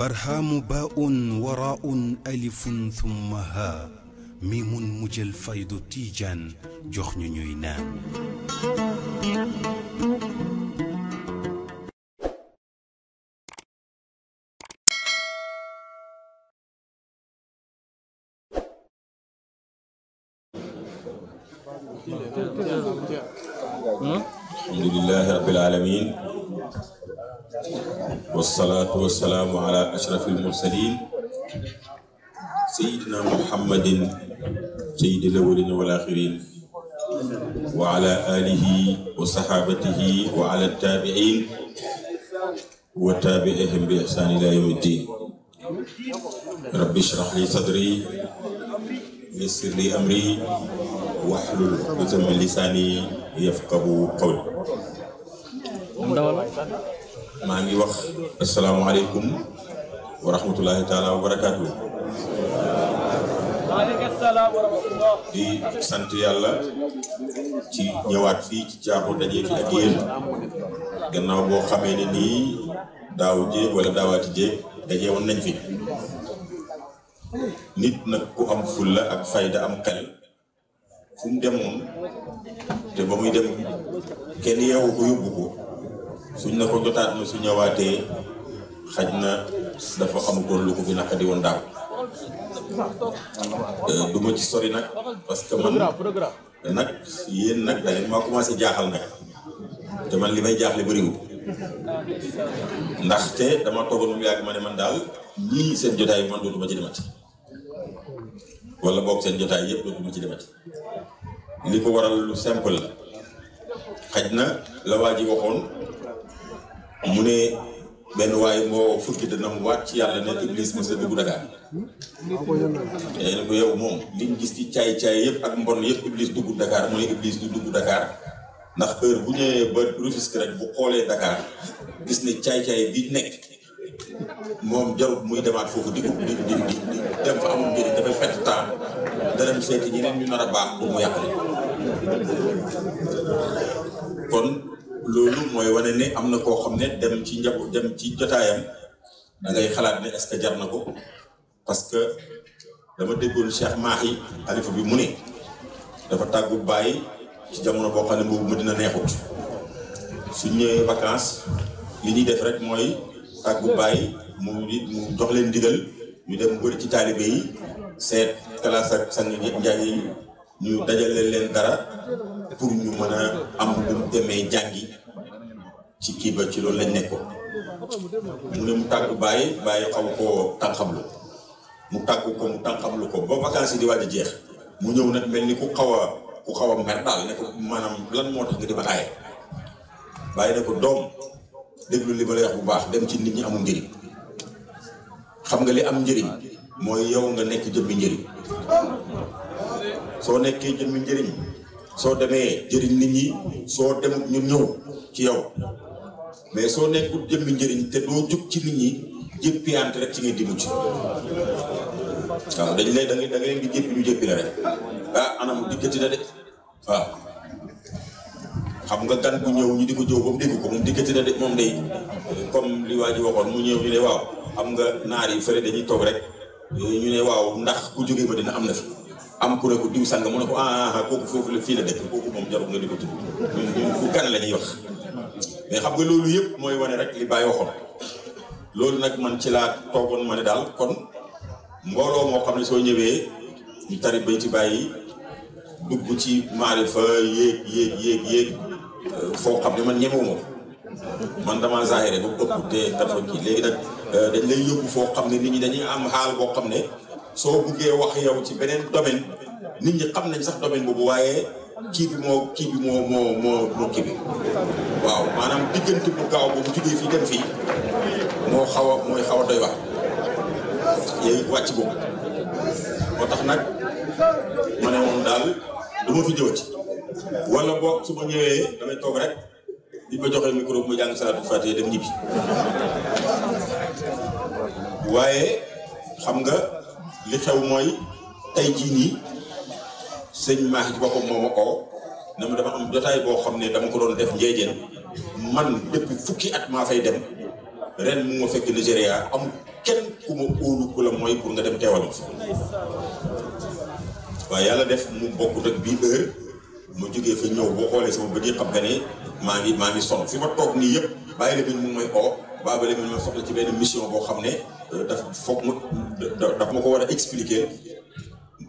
برهام باء وراء ألف ثم ها ميم مجل فيض تيجان جخن نينان الحمد لله رب العالمين والصلاة والسلام على أشرف المرسلين سيدنا محمد سيد الأولين والآخرين وعلى آله وصحابته وعلى التابعين وتابعهم بإحسان إلى يوم الدين رب اشرح لي صدري يسر لي أمري واحلل عقدة من لساني يفقه قولي maa ngi wax asalaamaaleykum wa rahmatulahi taala wa barakaatu. di sant yàlla ci ñëwaat fii ci caaxu dajee fi ak yéen gannaaw boo xamee ne nii daaw jéeg wala daawaati jéeg dajee woon nañ fi nit nag ku am fulla ak fayda am xel fu mu demoon te ba muy dem kenn yeewu ko yóbbu ko suñ la ko jotaat na su xaj na dafa xamutoon lu ko fi naka woon daaw euh, du ma ci sori nag parce que man nag yéen nag da leen maa commencé jaaxal nag te man li may jaaxle ndax te dama toogoon mu yàgg ma ne man daal ñii seen jotaay bi man dootuma ci demati wala boog seen jotaay yëpp dootuma ci demati li ko waral lu simple xaj na la waa ji waxoon mu ne benn waaye moo fukki dana mu waat ci yàlla ne Iblis mos a dugg Dakar nee na ko yow moom liñ gis ci caay-caay yëpp ak mbon yëpp Iblis dugg Dakar mu ne Iblis du dugg Dakar ndax heure bu ñëwee ba Rufisque rek bu xoolee Dakar gis ne caay-caay bi nekk moom jarut muy demaat foofu di di di di dem fa amul njëriñ dafay perte temps dana mu seeti ñeneen ñu nar a baax pour mu yàq kon. loolu mooy wane ne am na koo xam ne dem ci njaboot dem ci jotaayam da xalaat ne est-ce que jar na ko parce que dama déggoon Cheikh Mahi xalifa bi mu ne dafa tàggu bàyyi ci jamono boo xam ne boobu ma dina neexut suñ ñëwee vacances li ñuy def rek mooy tàggu bàyyi mu mu jox leen ndigal ñu dem bëri ci taalibe yi seet kalaas ak sang njaay yi ñu dajale leen dara pour ñu mën a am lu mu demee jàngi ci kii ba ci loolu lañ nekkoon mu ne mu tàgg bàyyi bàyyi xaw koo lu mu tàgg ko mu tànqamlu ko ba vacances yi di waaj jeex mu ñëw nag mel ni ku xaw a ku xaw a mer daal ne ko maanaam lan moo tax nga di ma aaye bàyyi ne ko doom déglu li ma bu baax dem ci nit ñi amul njëriñ xam nga li am njëriñ mooy yow nga nekk jëmmi njëriñ soo nekkee jëmmi njëriñ soo demee jëriñ nit ñi soo dem ñu ñëw ci yow mais soo nekkul jëmmi njëriñ te doo jug ci nit ñi jëppiante rek ci ngay di mucc waaw dañ lay da nga da nga leen di jëppi ñu jëppi la rek ah anam dikkati na de waaw xam nga gan bu ñëw ñu di ko jëw ba mu dégg ko moom dikkati na de moom day comme li waa ji waxoon mu ñëw ñu ne waaw xam nga naar yi fële dañuy toog rek ñu ne waaw ndax ku jógee ma dina am na fi am ku ne ko diw sànga mu ne ko ah, ah kooku foofu la fii la dëkk kooku moom jarul nga di ko tudd ku kan la ñuy wax mais xam nga loolu yëpp mooy wane rek li bàyyi waxoon loolu nag man ci laa toogoon ma ne daal kon mbooloo moo xam ne soo ñëwee ñu tari bay ci bàyyi dugg ci maarifa yéeg yéeg yéeg yéeg euh, foo xam ne man ñemewuma man dama zaahire ba ëpp te dafa kii léegi nag euh, dañ lay yóbbu foo xam ne nit ñi dañuy am xaal boo xam ne soo buggee wax yow ci beneen domaine nit ñi xam nañ sax domaine boobu waaye kii bi moo kii bi moo moo moo moo kii bi waaw maanaam diggante bu gaaw boobu jugee fii dem fii moo xaw a mooy xaw a doy waar yooyu wàcc boobu moo tax nag ma ne moom daal du ma fi ñëwati wala boog su ma ñëwee damay toog rek di ma joxe micro bu ma jàng salaatul fatiha dem ñibbi waaye xam nga. li xew mooy tey jii nii sëñ maax ci boppam moo ma ko ne ma dama am jotaay boo xam ne dama ko doon def njeejeen man depuis fukki at maa fay dem ren mu ma fekk Nigéria am kenn ku ma óolu ku la mooy pour nga dem teewal waaye yàlla def mu bokkut ak bii heure mu jógee fa ñëw boo xoolee sama bët yi xam nga maa ngi maa ngi sonn fi ma toog nii yëpp bàyyi la bi mu may oo baba la ma soxla mission boo xam ne euh, daf foog mu daf ma ko war a expliquer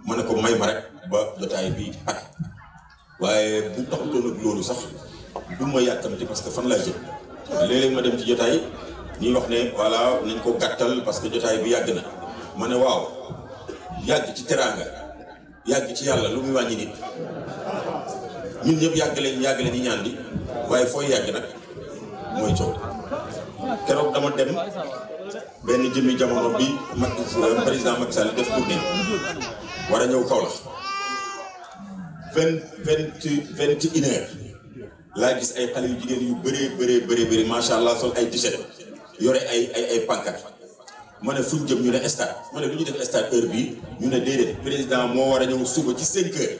ma ne ko may ma rek ba jotaay bi pare waaye bu taxutoon ak loolu sax du ma yàkkamti parce que fan laa jëm léeg ma dem ci jotaay ñuy wax ne voilà nañ ko gàttal parce que jotaay bi yàgg na ma ne waaw yàgg ci teraanga yàgg ci yàlla lu muy wàññi nit ñun ñëw yàgg leen yàgg leen ñu ñaan di waaye fooy yàgg nag mooy coow keroog dama dem benn jëmmi jamono bi Macky président Macky Sall def tournée war a ñëw Kaolack vingt vingt vingt une laa gis ay xale yu jigéen yu bëree bëree bëree bëri macha allah sol ay t-shirt yore ay ay ay pancarte ma ne fu jëm ñu ne stade ma ne lu ñu def stade heure bii ñu ne déedéet président moo war a ñëw suba ci cinq heures.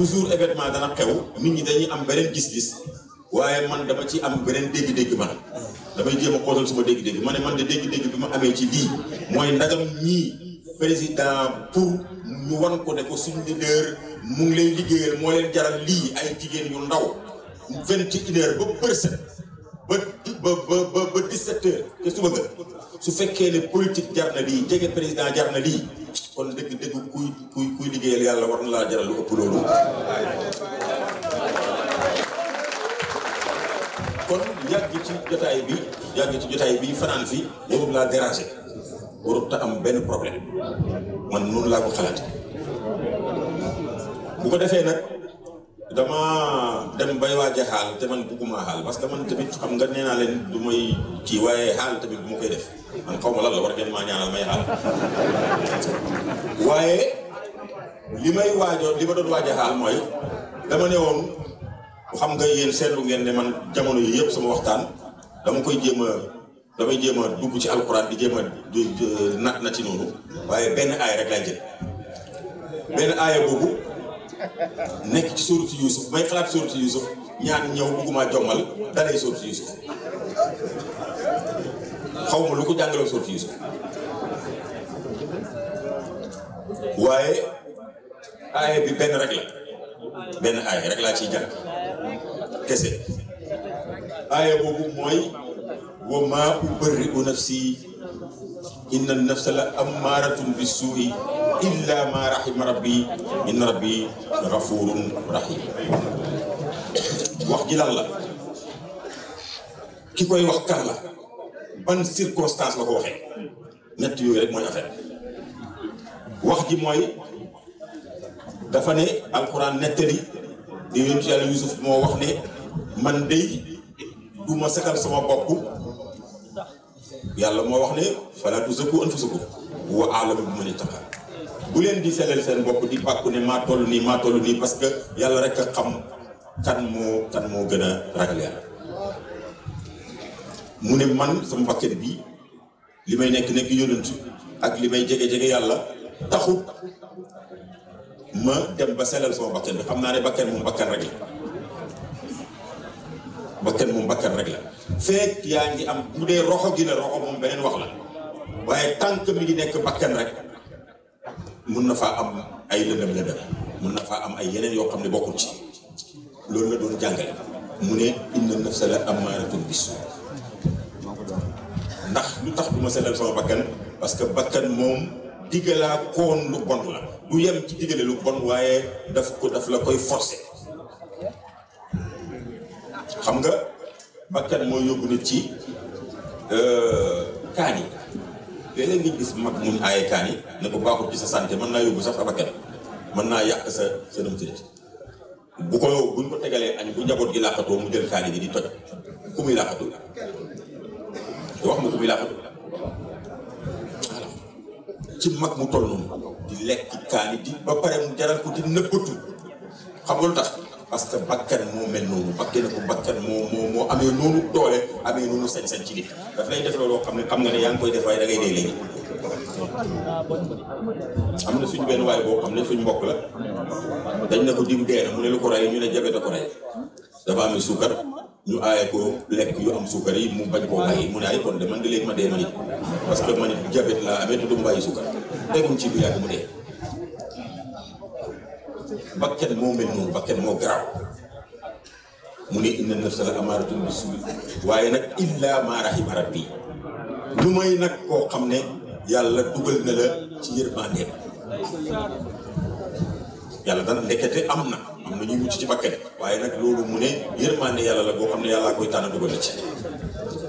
toujours événement dana xew nit ñi dañuy am beneen gis-gis waaye man dama ci am beneen dégg-dégg man damay jéem a xóotal suma dégg-dégg man ne man de dégg-dégg bi ma amee ci lii mooy ndagam ñii président pour ñu wan ko ne ko suñu leader mu ngi leen liggéeyal moo leen jaral lii ay jigéen yu ndaw vingt et une heures ba përset ba ba ba ba dix-sept heures te suba nga su fekkee ne politique jar na lii jege président jar na lii kon liggéeyal yàlla war na laa jaral lu ëpp loolu kon yàgg ci jotaay bi yàgg ci jotaay bi fanaan fi warut laa déranger warut ta am benn problème man noonu laa ko xalaat bu ko defee nag dama dem bay waaja xaal te man bëgguma xaal parce que man tamit xam nga nee naa leen du may ci waaye xaal tamit du ma koy def man xaw ma lan la war gën maa ñaanal may xaal waaye li may waajo li ma doon waaj a xaal mooy dama ne woon xam nga yéen seetlu ngeen ne man jamono yi yëpp sama waxtaan dama koy jéem a damay jéem a dugg ci alxuraan di jéem a nat na ci noonu waaye benn aaya rek laay jël benn aaya boobu nekk ci suuratu Yuusuf may xalaat suuratu Yuusuf ñaan ñëw bëgguma jommal dalay suuratu Yuusuf xaw ma lu ko jàngaloo suuratu Yuusuf waaye aaya bi benn rek la benn aaya rek laa ciy jàng kese aaya boobu mooy wa maa ubarri'u nafsi inna nafsa la ammaaratun bi suu'i illa ma rahima rabbi inna rabbi gafurun rahim wax ji lan la ki koy wax kan la ban circonstance la ko waxee ñett yooyu rek mooy affaire wax ji mooy dafa ne alxuraan nettali di yonent yàlla Yuusuf moo wax ne man dey du ma sakal sama bopp yàlla moo wax ne falaa tuzakku anfusakum huwa a'lamu bimani ittaqa bu leen di selal seen bopp di bàkku ne maa toll nii maa toll nii parce que yàlla rek a xam kan moo kan moo gën a ragal yàlla mu ne man sama bakkan bi li may nekk nekk yonent ak li may jege jege yàlla taxut ma dem ba selal soo bakkan bi xam naa ne bakkan moom bakkan rek la bakkan moom bakkan rek la fekk yaa ngi am bu dee roxo gi la roxo moom beneen wax la waaye tànk mi ngi nekk bakkan rek mun na faa am ay lëndëm lëndëm mun na faa am ay yeneen yoo xam ne bokkul ci loolu na doon jàngale mu ne inna nafsa la amaaratun bisu ndax lu tax du ma selal sama bakkan parce bakkan moom digala koon lu bon la du yam ci digale lu bon waye daf ko daf la koy forcer xam nga bakkat mo yóbbu nit ci euh kani dene ni gis mag mun ay kani ne ko bako ci sa sante man na yóbbu sax sa bakkan mën naa yàq sa sa dum tëdd bu ko yow buñ ko tegalé añ bu jabot gi laqato mu jël kani yi di toj kumuy laqato wax mu kumuy laqato ci mag mu toll noonu di lekk kaani di ba pare mu jaral ko di nëbbatu xam nga lu tax parce que bakkan moo mel noonu bakkee na ko bakkan moo moo moo amee noonu doole amee noonu sañ-sañ ci nit daf lay def loolu xam ne xam nga ne yaa ngi koy def waaye da ngay dee léegi am na suñu benn waay boo xam ne suñu mbokk la dañ na ko diw dee na mu ne lu ko rey ñu ne jabet a ko rey dafa amee suukar ñu aaye ko lekk yu am suukar yi mu bañ koo bàyyi mu ne ay kon de man de léegi ma dee manit parce que manit diabète laa amee te du mu bàyyi suukar ci bi ak mu dee bakket moo mel noonu bakket moo garaaw mu ne inna nafsa la amaaratun bisu waaye nag illa ma rahima rabbi lu may nag koo xam ne yàlla dugal na la ci yërmandeem yàlla dana ndekkete am na am na ñuy mucc ci bakkan waaye nag loolu mu ne yërmande yàlla la boo xam ne yàllaa koy tànn dugal na ci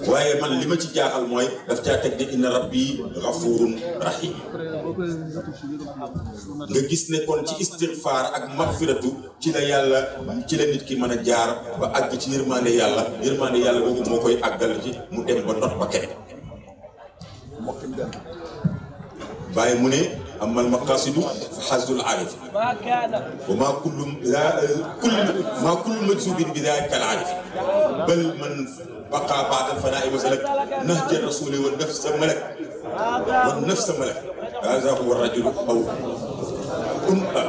waaye man li ma ci jaaxal mooy daf caa teg ne inna rabbi gafurun rahim nga gis ne kon ci istigfaar ak magfiratu ci la yàlla ci la nit ki mën a jaar ba àgg ci yërmande yàlla yërmande yàlla boobu moo koy àggal ci mu dem ba not ba kenn باي موني أما المقاصد فحسد العارف وما كل كل ما كل مجذوب بذلك العارف بل من بقى بعد الفناء وسلك نهج الرسول والنفس ملك والنفس ملك هذا هو الرجل أو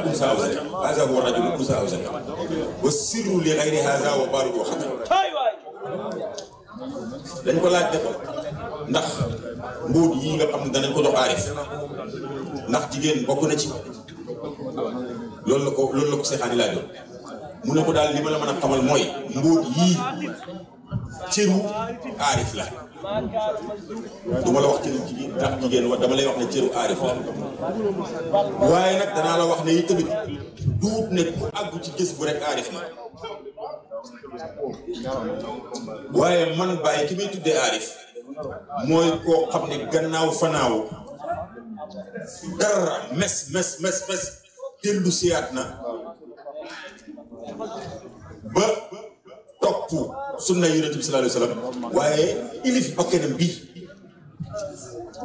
أنثى أو هذا هو الرجل أنثى أو والسر لغير هذا وبارد وخطر dañ ko laaj def ndax mbóot yi nga xam ne danañ ko dox aarif ndax jigéen bokk na ci loolu la ko loolu la ko seexaani laajoon mu ne ko daal li ma la mën a xamal mooy mbóot yii cëru aarif la duma la wax cëru jigéen ndax jigéen wa dama lay wax ne cëru aarif la waaye nag danaa la wax ne yi tamit ne ku àggu ci gis bu rek aarif la waaye man bàyyi ki muy tuddee aarif mooy koo xam ne gannaaw fanaaw dara mes mes mes mes dellu na ba topp sunna yonent bi sallallahu alayhi wa sallam waaye ilif bakkanam bi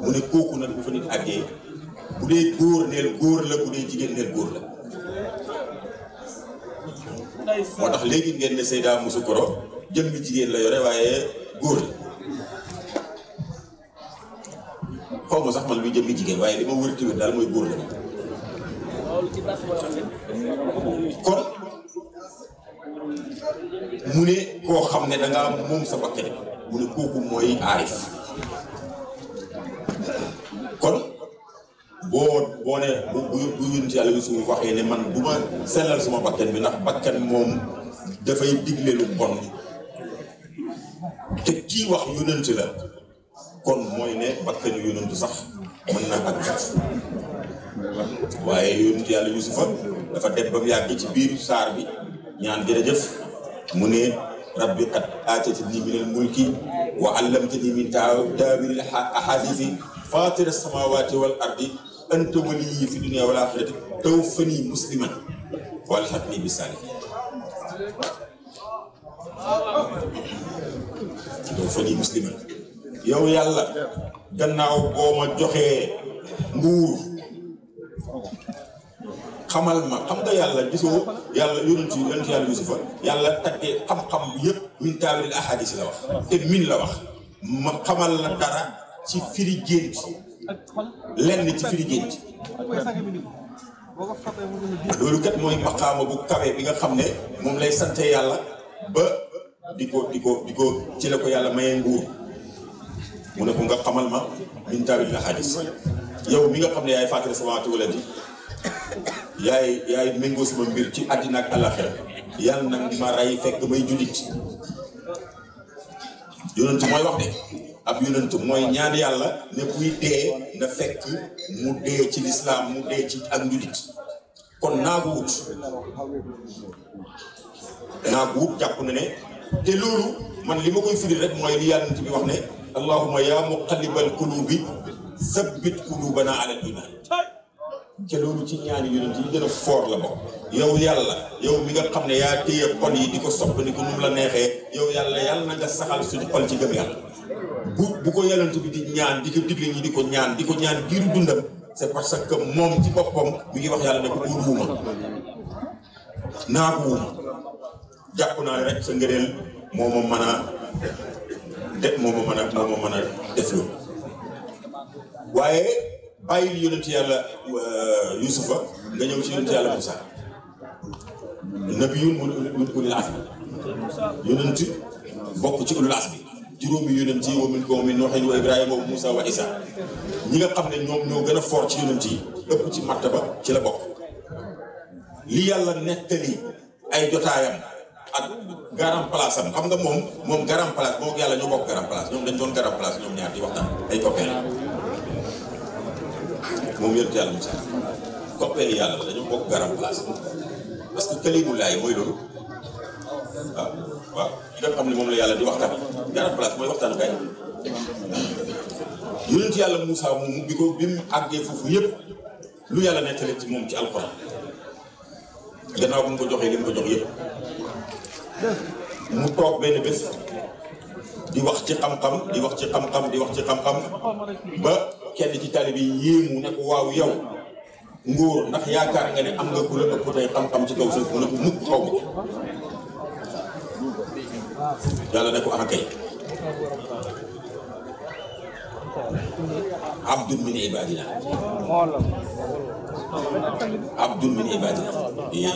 mu ne kooku nag bu fa nit àggee bu dee góor neel góor la bu dee jigéen neel góor la moo tax léegi ngeen ne Seyda Moussa Koro jëm bi jigéen la yore waaye góor la xaw ma sax man bi jëm bi jigéen waaye li ma wër daal mooy góor la kon mu ne koo xam ne da ngaa moom sa bakkan mu ne kooku mooy aarif kon boo boo ne bu bu yónni yàlla bi suñu waxee ne man bu ma sellal sama bakkan bi ndax bakkan moom dafay digle bon te kii wax yónent la kon mooy ne bakkan yónent sax mën na ak waaye yónent yàlla yusufa dafa dem ba yàgg ci biir saar bi ñaan jërëjëf mu ne ربي قد آتتني من الملك وعلمتني من تدابير الأحاديث فاطر السماوات والأرض أنت ولي في الدنيا والآخرة توفني مسلما والحقني بسالك توفني مسلما yow yàlla gannaaw قوم الجخي نور xamal ma xam nga yàlla gisoo yàlla yonent yi yonent yàlla yusufa yàlla taggee xam-xam yëpp min taawilil ahadis la wax te min la wax ma xamal la dara ci firi gént lenn ci firi gént loolu kat mooy maqaama bu kawe bi nga xam ne moom lay sante yàlla ba di ko di ko di ko ci la ko yàlla mayee nguur mu ne ko nga xamal ma min taawilil ahadis yow mi nga xam ne yaay fàttali sama tuwala di yaay yaay méngoo sama mbir ci àddina ak àllaxira yàlla nag ma rey fekk may jullit yonent mooy wax de ab yonent mooy ñaan yàlla ne buy dee na fekk mu dee ci lislaam mu dee ci ak njullit kon naa ko wut naa ko wut jàpp na ne te loolu man li ma koy firi rek mooy li yàlla bi wax ne allahumma yaa muqallibal qulubi sabbit qulubana ala diinik ca loolu ci ñaari yonent yi gën foor la bokk yow yàlla yow mi nga xam ne yaa téye xol yi di ko sopp ni ko num la neexee yow yàlla yàlla na nga saxal suñu xol ci gëm yàlla bu bu ko yonent bi di ñaan di ko digle ñi di ko ñaan di ko ñaan diiru dundam c'est parce que moom ci boppam mi ngi wax yàlla ne ko buur wuuma naa ko wuuma jàpp naa rek sa ngëneel moo ma mën a def moo ma mën a moo a def loolu waaye bàyyi yonent yàlla euh, Yuusufa nga ñëw ci yonent yàlla Moussa nabiyun min ci ulul azmi juróomi yonent yi wa min qawmi Nuuhin wa Ibrahima wa Moussa ñi nga xam ne ñoom ñoo gën a fort ci yonent yi ëpp ci martaba ci la bokk yàlla nettali ay jotaayam garam place am xam nga moom moom garam place moom yàlla ñoo bokk garam place ñoom dañ doon garam place ñoom ñaar di waxtaan ay copains moom yëpp yàlla mu sax coppee yàlla la dañoo bokk garam place parce que këlimu laay mooy loolu waaw waaw li nga xam ne moom la yàlla di waxtaan garam place mooy waxtaan kay yonent yàlla Moussa moom bi ko bi mu àggee foofu yëpp lu yàlla nettali ci moom ci alxuraan gannaaw bu mu ko joxee li ko jox yëpp mu toog benn bés di wax ci xam-xam di wax ci xam-xam di wax ci xam-xam ba kenn ci taalibe yi yéemu ne waaw yow ngóor ndax yaakaar nga ne am nga ku la ëpp tey xam-xam ci kaw suuf mu ne ko mukk xaw ma yàlla ne ko ah kay abdun min ibadina abdun min ibadina eh,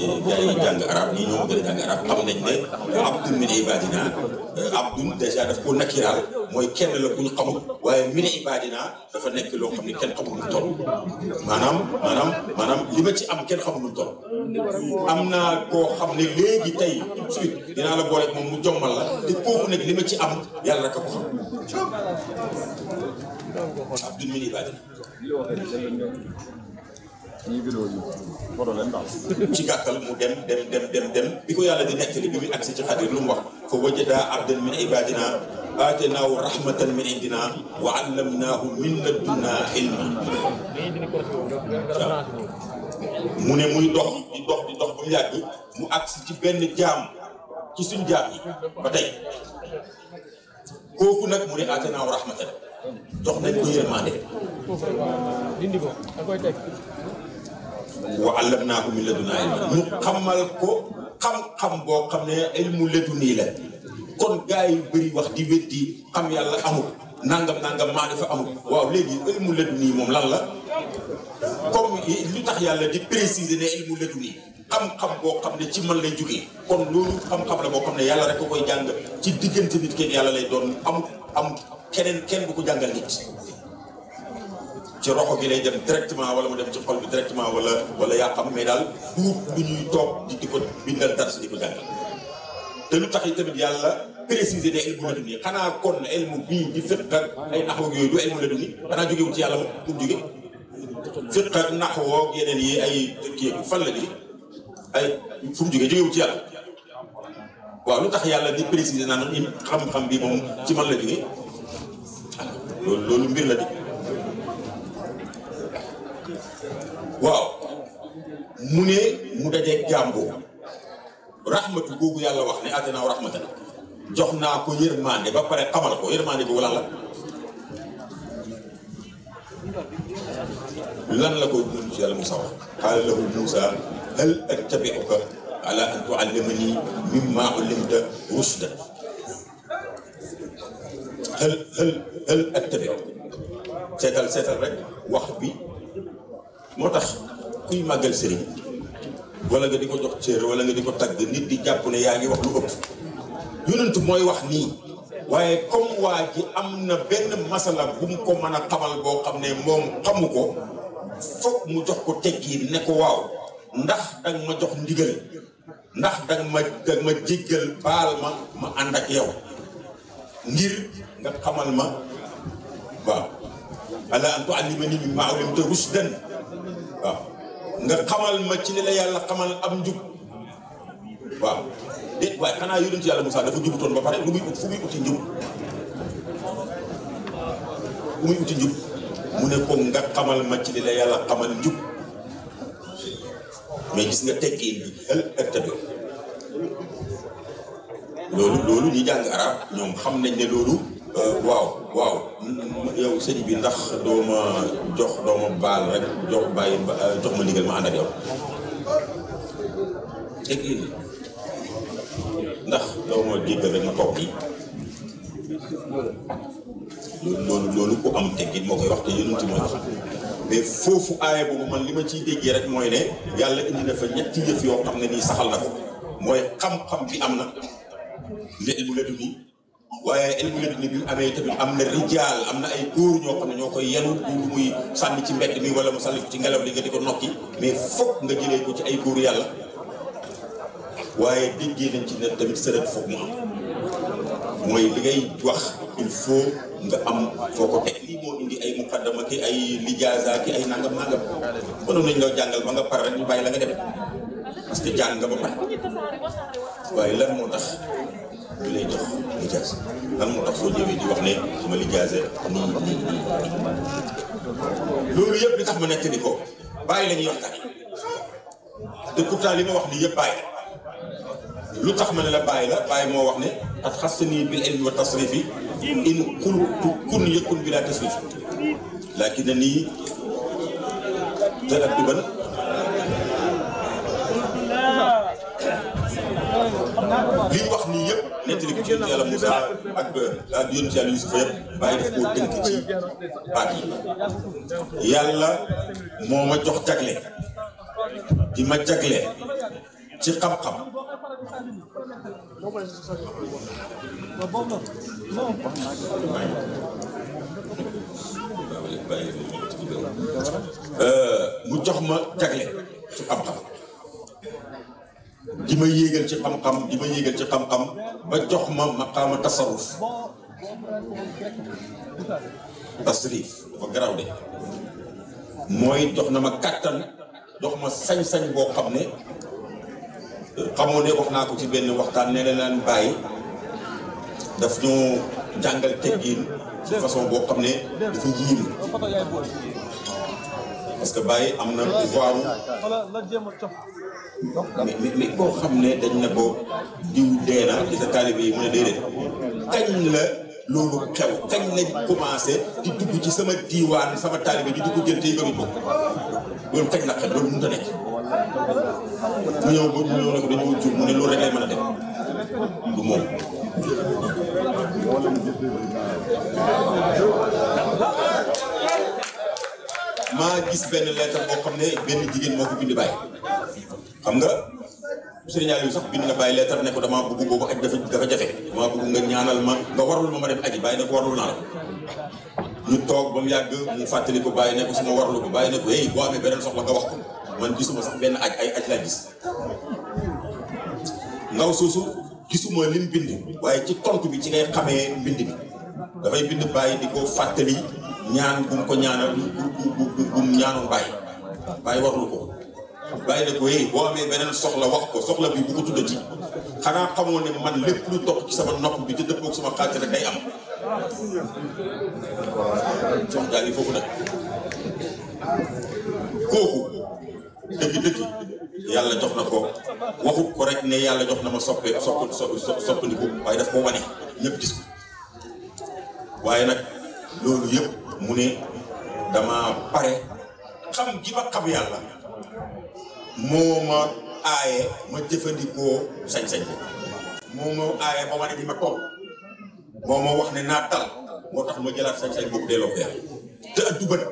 a abdul dèjà daf ko nakiraal moy kenn la kuñ xamul waye min ibadina dafa nek lo xamni kenn xamul lu tol manam manam manam li ma ci am kenn xamul lu tol amna ko xamni xam tay suite dina la bolé mom mu jommal la te kooku nag li ma ci am yàlla ka ko xam abdul min ibaadinaa ci gàttal mu dem dem dem dem dem bi ko yàlla di nettali bi muy agsi ci xadir lu mu wax fa wajada abdan min ibadina aatinaahu rahmatan min indina wa allamnaahu min laddunna mu ne muy dox di dox di dox ba mu yàgg mu agsi ci benn jaam ci suñ jaam yi ba tey kooku nag mu ne aatinaahu rahmatan jox nañ ko yërmande wa allamnaahu min ladunaa ilman ñu xamal ko xam-xam boo xam ne ilmu nii la kon gars yu bëri wax di weddi xam yàlla amul nangam nangam maarifa amul waaw léegi ilmu ladunii moom lan la comme lu tax yàlla di préciser ne ilmu ladunii xam-xam boo xam ne ci man lay jógee kon loolu xam-xam la boo xam ne yàlla rek ko koy jàng ci diggante nit kenn yàlla lay doon amul amul keneen kenn bu ko jàngal nit ci roxo gi lay dem directement wala mu dem ci xol bi directement wala wala yaa xam mais daal duub lu ñuy toog di di ko bindal dars di ko jàngal te lu tax yi tamit yàlla précisé ne ilmu la xanaa kon ilmu bii di fiq ak ay naxw yooyu du ilmu la duni xanaa jógewul ci yàlla moom mu jóge fiq ak naxwoo yeneen yi ay kii fan la jóge ay fu mu jóge jógewul ci yàlla waaw lu tax yàlla di précisé naan xam-xam bi moom ci man la jóge loolu loolu mbir la di waaw mu ne mu dajee jaam boobu rahmatu googu yàlla wax ne àddina rahmatan jox naa ko yërmande ba pare xamal ko yërmande boobu lan la lan la ko mën yàlla Moussa wax qaala lahu Moussa hal attabi'uka ala an tu'allimani mimma ullimta rushda hal hal hal attabi'uka seetal seetal rek wax bi motax kuy magal serigne wala nga diko jox cër wala nga diko tag nit di japp ne yaangi wax lu upp yonent moy wax ni waye comme waji amna ben masala bu mu ko meuna a xamal boo xam ne moom xamu mu jox ko teggi ne ko waw ndax dag ma jox ndigal ndax dag ma dag ma jigal bal ma ma ànd ak yow ngir nga xamal ma ala an tuallimani mimma waaw nga xamal ma ci li la yàlla xamal am njub waaw déet waaye xanaa yonent yàlla Moussa dafa jubutoon ba pare lu muy ut fu muy uti njub fu muy uti njub mu ne ko nga xamal ma ci li la yàlla xamal njub mais gis nga tekkiin bi hal irtabi loolu loolu ñi jàng arab ñoom xam nañ ne loolu Euh, waaw waaw mm, yow sëñ bi ndax dooma jox doo baal rek jox bàyyi euh, jox ma ndigal ma ànd ak yow ndax doo ma jéggal rek ma toog nii loolu loolu ku am teggin moo koy wax te yonent mooy wax mais foofu aaya boobu man li ma ciy déggee rek mooy ne yàlla indi na fa ñetti yëf yoo xam ne nii saxal na ko mooy xam-xam bi am na li ilmu laduni waaye El Medina bi amee tamit am na rijaal am na ay góor ñoo xam ne ñoo koy yenu du muy sànni ci mbedd mi wala mu sànni ci ngelaw li nga di ko nokki mais foog nga jëlee ko ci ay góor yàlla waaye déggee nañ ci ne tamit sërët foog mu am mooy li wax il faut nga am foo ko teg lii moo indi ay mukaddama ki ay lijaasa ki ay nangam nangam mënoon nañ loo jàngal ma nga par rek ñu bàyyi la nga dem parce jàng nga ba pare waaye lan moo tax ñu lay jox lijaasa lan moo tax soo ñëwee di wax ne sama lijaasa nii nii nii loolu yëpp li tax ma nekk ni ko bàyyi la ñuy waxtaan te pourtant li ma wax nii yëpp bàyyi la lu tax ma ne la bàyyi la bàyyi moo wax ne at xasani bil ilmi wa tasrifi in qultu kun yakun bila tasrif lakin nii تأدبا لي وخني يب nettali ko ci yonent yàlla Moussa ak ak yonent yàlla Yuusuf yëpp bàyyi def koo dënk ci baat yàlla moo ma jox jagle di ma jagle ci euh, ma jagle ci xam-xam di ma yéegal ci xam-xam di ma yéegal ci xam-xam ba jox ma maqaama tasaruf tasrif dafa garaw de mooy jox na ma kàttan jox ma sañ-sañ boo xam ne xamoo ne wax naa ko ci benn waxtaan ne la leen bàyyi daf ñu jàngal teggiin ci façon boo xam ne dafa yiim parce que Baye am na pouvoir mais mais ci mu ne loolu sama diiwaan sama taalibe di la xew loolu mënut a maa gis benn lettre boo xam ne benn jigéen moo ko bind bàyyi xam nga sëriñ Aliou sax bind na bàyyi lettre ne ko damaa bëgg boobu aj dafa dafa jafe damaa bëgg nga ñaanal ma nga warul ma ma dem ñu toog ba mu yàgg mu fàttali ko bàyyi ne ko su ko bàyyi ne ko hey boo amee beneen soxla nga wax ko man gisuma sax benn aj ay aj laa gis ndaw soosu gisuma lim bind waaye ci tontu bi ci ngay xamee mbind bi dafay bind bàyyi di ko fàttali ñaan bu mu ko ñaanal bu bu bu bu mu ñaanoon bàyyi bàyyi warlu ko bàyyi beneen soxla wax ko soxla bi bu ko tuddati xanaa xamoo ne man lépp lu topp ci sama nopp bi te dëppoo sama xaalis rek day am sox daal yi foofu yàlla jox na ko waxut ko rek ne yàlla jox na ma soppe sopp sopp soppandiku waaye daf ko wane ñëpp gis ko waaye nag loolu yëpp mu ne dama pare xam gi ma xam yàlla moo ma aaye ma jëfandikoo sañ-sañ bi moo ma aaye ba ma ne bi ma toll moo ma wax ne naa tal moo tax ma jëlaat sañ-sañ boobu delloo ko yàlla te addu bët